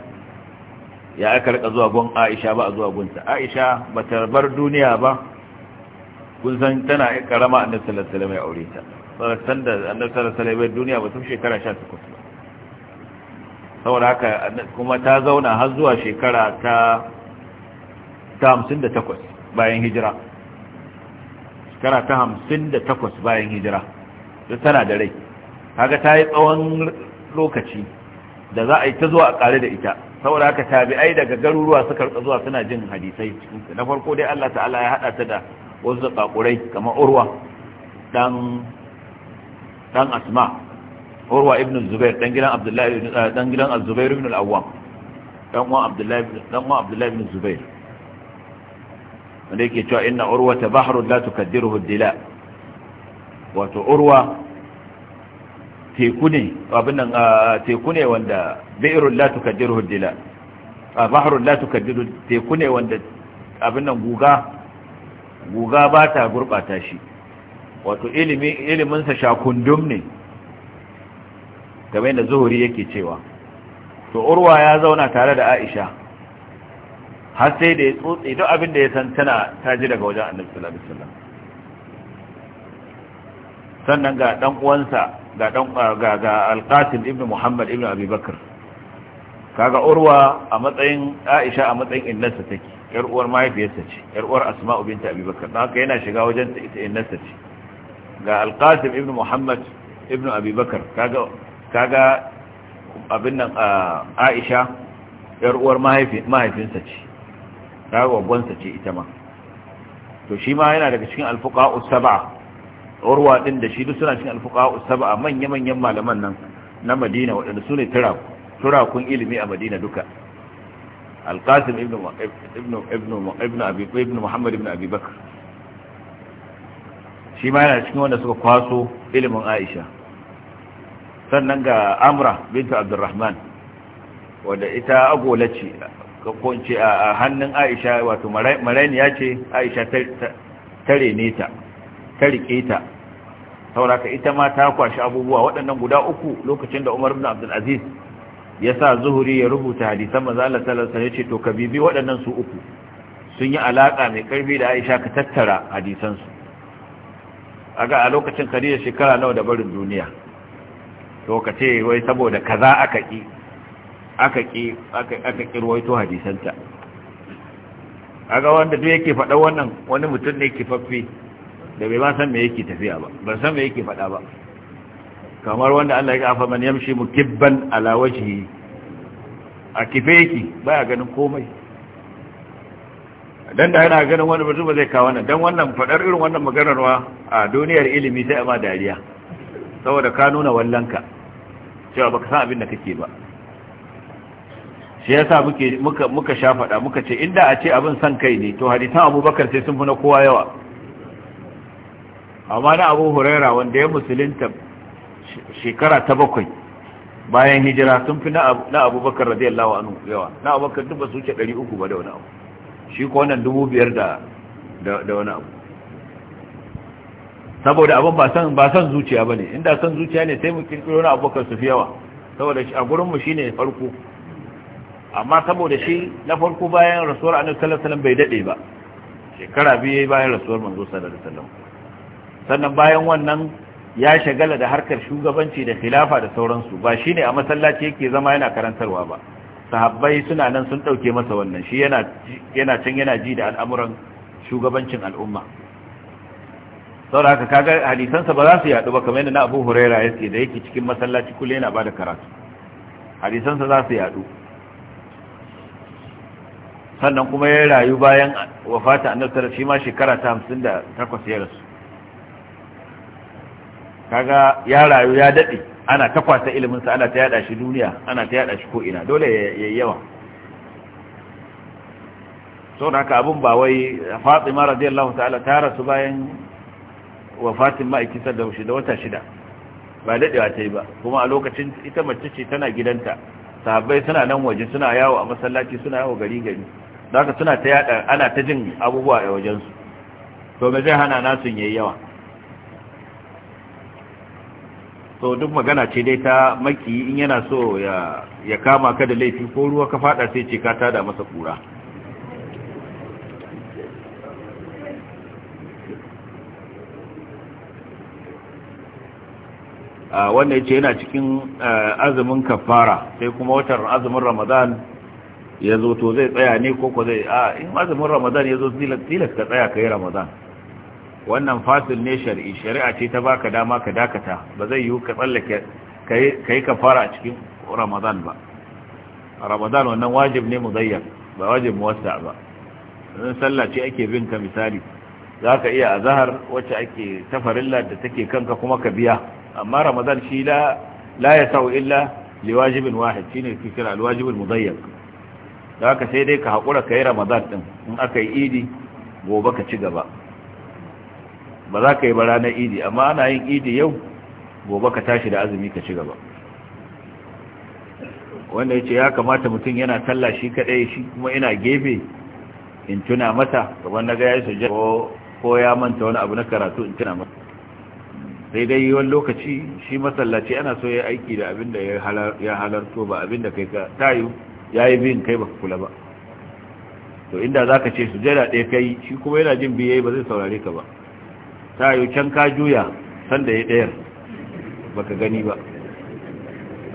ya aka rika zuwa gun aisha ba a zuwa gunta aisha ba ta bar duniya ba kun san tana karama annabi sallallahu alaihi wasallam ya aure ta san da annabi sallallahu alaihi wasallam duniya ba tun shekara 18 ba saboda haka kuma ta zauna har zuwa shekara ta 58 bayan hijira shekara ta hamsin da takwas bayan hijira da tana da rai kaga ta yi tsawon lokaci da za a yi ta zuwa a ƙare da ita saboda haka tabi'ai daga garuruwa suka rika zuwa suna jin hadisai cikin na farko dai Allah ta'ala ya haɗa ta da wasu zakakurai kamar urwa dan dan asma urwa ibn zubair dan gidan abdullahi dan gidan az-zubair ibn al-awwam dan uwan abdullahi dan uwan abdullahi ibn zubair wanda yake cewa inna urwa ta bahrun la tukaddiruhu dila wato urwa teku ne abin nan teku ne wanda bi'run la tukaddiruhu dila bahrun la tukaddiru teku ne wanda abin nan guga guga ba ta gurbata shi wato ilimi ilimin sa shakundum ne kamar yadda zuhuri yake cewa to urwa ya zauna tare da Aisha har sai da ya tsotse duk abin da ya san tana ta ji daga wajen annabi sallallahu alaihi wasallam sannan ga dan uwansa ga dan ga ga al-qasim ibnu muhammad ibnu abi bakr kaga urwa a matsayin aisha a matsayin innarsa take yar uwar mahaifiyarsa ce yar uwar asma'u binta abi bakr dan haka yana shiga wajen ta ita innarsa ce ga al-qasim ibnu muhammad ibnu abi bakr kaga kaga abin nan aisha yar uwar mahaifinsa ce kaga gwaggonsa ce ita ma to shi ma yana daga cikin alfuqa usaba urwa din da shi duk suna cikin alfuqa usaba manya manyan malaman nan na Madina waɗanda su ne turakun ilimi a Madina duka Al-Qasim ibn ibn ibn ibn ibn Muhammad ibn Abi Bakr shi ma yana cikin wanda suka kwaso ilimin Aisha sannan ga Amra bintu Abdurrahman wadda ita agola kwance a hannun aisha wato ya ce aisha ta rene ta ta rike ta sauraka ita ma ta kwashi abubuwa waɗannan guda uku lokacin da umar bin abdulaziz ya sa zuhuri ya rubuta hadisan maza Allah sallallahu ya ce to ka bibi waɗannan su uku sun yi alaka mai karfi da aisha ka tattara hadisansu. su aga a lokacin khadija shekara nawa da barin duniya to ka ce wai saboda kaza aka ki aka ki aka kirwaito hadisanta aga wanda duk yake faɗa wannan wani mutum ne faffi. da bai ma san me yake tafiya ba ban san me yake faɗa ba kamar wanda Allah ya afa man yamshi mukibban ala wajhi a kife yake baya ganin komai dan da yana ganin wani mutum ba zai kawo nan dan wannan faɗar irin wannan maganar wa a duniyar ilimi sai a ma dariya saboda ka nuna wallanka cewa baka san abin da kake ba shi yasa muke muka muka sha fada muka ce inda a ce abin san kai ne to hadisan abubakar sai sun fi na kowa yawa amma na abu huraira wanda ya musulunta shekara ta bakwai bayan hijira sun fi na abubakar radiyallahu anhu yawa na abubakar duk ba su ce 300 ba da wani abu shi ko wannan 2500 da da wani abu saboda abin ba san ba san zuciya bane inda san zuciya ne sai mu kirkiro na abubakar su fi yawa saboda a gurin mu shine farko amma saboda shi na farko bayan rasuwar annabi sallallahu alaihi wasallam bai dade ba shekara biyu bayan rasuwar manzo sallallahu alaihi wasallam sannan bayan wannan ya shagala da harkar shugabanci da khilafa da sauransu ba shine a masallaci yake zama yana karantarwa ba sahabbai suna nan sun dauke masa wannan shi yana yana can yana ji da al'amuran shugabancin al'umma saboda haka kaga hadisansa ba za su yadu ba kamar yadda na Abu Huraira yake da yake cikin masallaci kullum yana bada karatu hadisansa za su yadu sannan kuma ya rayu bayan wafata annabi shi ma shekara ta hamsin da takwas ya rasu kaga ya rayu ya dade ana takwasa ilimin ana ta yada shi duniya ana ta yada shi ko dole ya yi yawa da haka abun ba wai zai Allah ta'ala ta rasu bayan wafatin ma'aikisar da shi da wata shida ba daɗewa ta yi ba kuma a lokacin ita mace ce tana gidanta sahabbai suna nan waje suna yawo a masallaci suna yawo gari gari zaka suna ta yada ana ta jin abubuwa a wajen su to me zai hana nasu yayi yawa to duk magana ce dai ta maki in yana so ya ya kama ka da laifi ko ruwa ka fada sai ce ka tada masa kura wanda ya ce yana cikin eh, azumin kafara sai kuma watan azumin ramadan ya zo to zai tsaya ne ko ko zai a in azumin ramadan ya zo tilas ka tsaya ka yi ramadan wannan fasil ne shari'i shari'a ce ta baka dama ka dakata ba zai yiwu ka tsallake ka yi kafara a cikin ramadan ba ramadan wannan wajib ne muzayyar ba wajib muwassa ba in sallah ce ake bin ka misali za ka iya azahar wacce ake tafarilla da take kanka kuma ka biya amma ramadan shi la la sau illa liwajibin wahid shine kira alwajibul mudayyaq da haka sai dai ka haƙura ka yi ramadan ɗin in aka yi idi gobe ka ci gaba ba za ka yi ba ranar idi amma ana yin idi yau gobe ka tashi da azumi ka ci gaba wanda ya ce ya kamata mutum yana talla shi kaɗai shi kuma ina gefe in tuna mata kamar na gaya su ko ya manta wani abu na karatu in tuna mata sai dai wani lokaci shi masallaci ana so ya aiki da abin da ya halarto ba abin da kai ka tayu. ya yi biyun kai ba kula ba to inda za ka ce sujada ɗaya kai shi kuma yana jin biye ba zai saurare ka ba ta yi can ka juya sanda ya ɗayar ka gani ba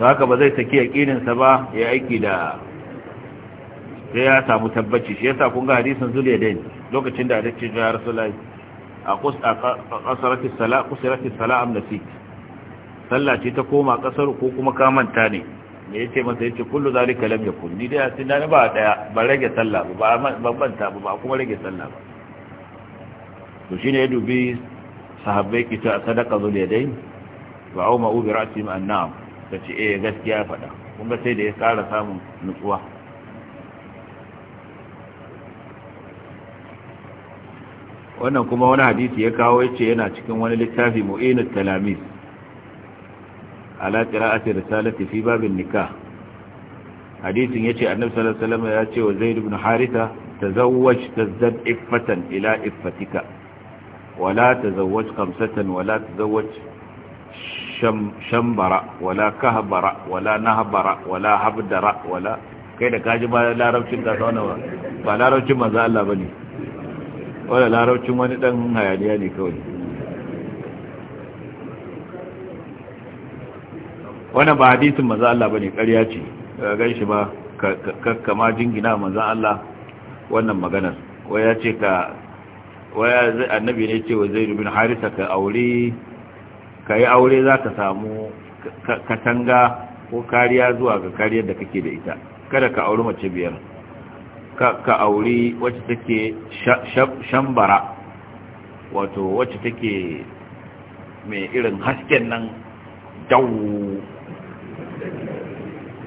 za ka ba zai saki yaƙininsa ba ya aiki da sai ya samu tabbaci shi ya yasa kun ga hadisin zuliyadain lokacin da adaccin jihar rasulullahi a qasarati sala'am qasarati sala sallah ce ta koma kasar ko kuma kamanta ne me yace masa yace kullu zalika lam yakun ni dai sai na ba daya ba rage sallah ba ba banta ba kuma rage sallah ba to shine ya dubi sahabbai ki ta sadaka zul yadayn wa auma ubi ra'sihim annam tace eh gaskiya fada kun ga sai da ya kara samun nutsuwa wannan kuma wani hadisi ya kawo yace yana cikin wani littafi mu'inat talamis ala qira'ati risalati fi babin nikah hadisin ya ce sallallahu alaihi wasallam ya ce wa zaid ibn haritha tazawwaj tazdad iffatan ila iffatika wala tazawwaj khamsatan wala tazawwaj shambara wala kahbara wala nahbara wala habdara wala kai da kaji ba larabcin ka zauna ba ba larabcin maza Allah bane wala larabcin wani dan hayaniya ne kawai wannan ba hadisin maza Allah ba ne ƙarya ce ga ganshi ba kama jingina maza Allah wannan maganar waya ce ka waya annabi ne ce wa zai rubin Harisa ka aure za aure ka samu katanga ko kariya zuwa ga kariyar da kake da ita kada ka auri mace biyar ka auri wacce take shambara wato wacce take mai irin hasken nan dawo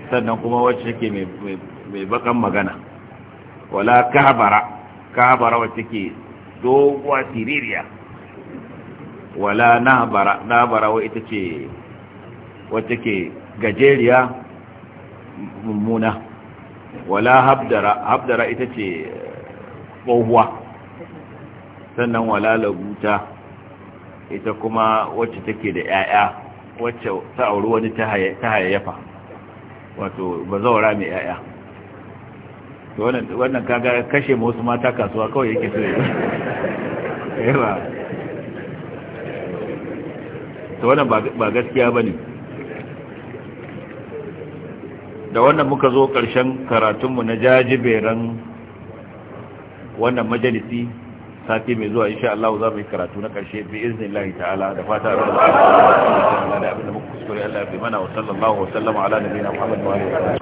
sannan kuma wacce take mai bakan magana wala kabara kabara wacce take doguwa siririya wala nabara nabara wa ita ce wacce ke gajeriya mummuna wala habdara habdara ita ce eh, tsohuwa sannan wala labuta ita kuma wacce take da 'ya'ya wacce ta auri wani ta hayayyafa wato ba zaura mai yaya wannan kaga kashe wasu mata kasuwa kawai yake so *laughs* yawa ta wannan ba gaskiya ba ne da wannan muka zo ƙarshen karatunmu na jajiberan wannan majalisi sati mai zuwa insha Allah za mu yi karatu na karshe bi iznillahi ta'ala da fata Allah subhanahu wa ta'ala da abin da muka kuskure Allah bi mana wa sallallahu wa sallama ala nabiyina Muhammad wa alihi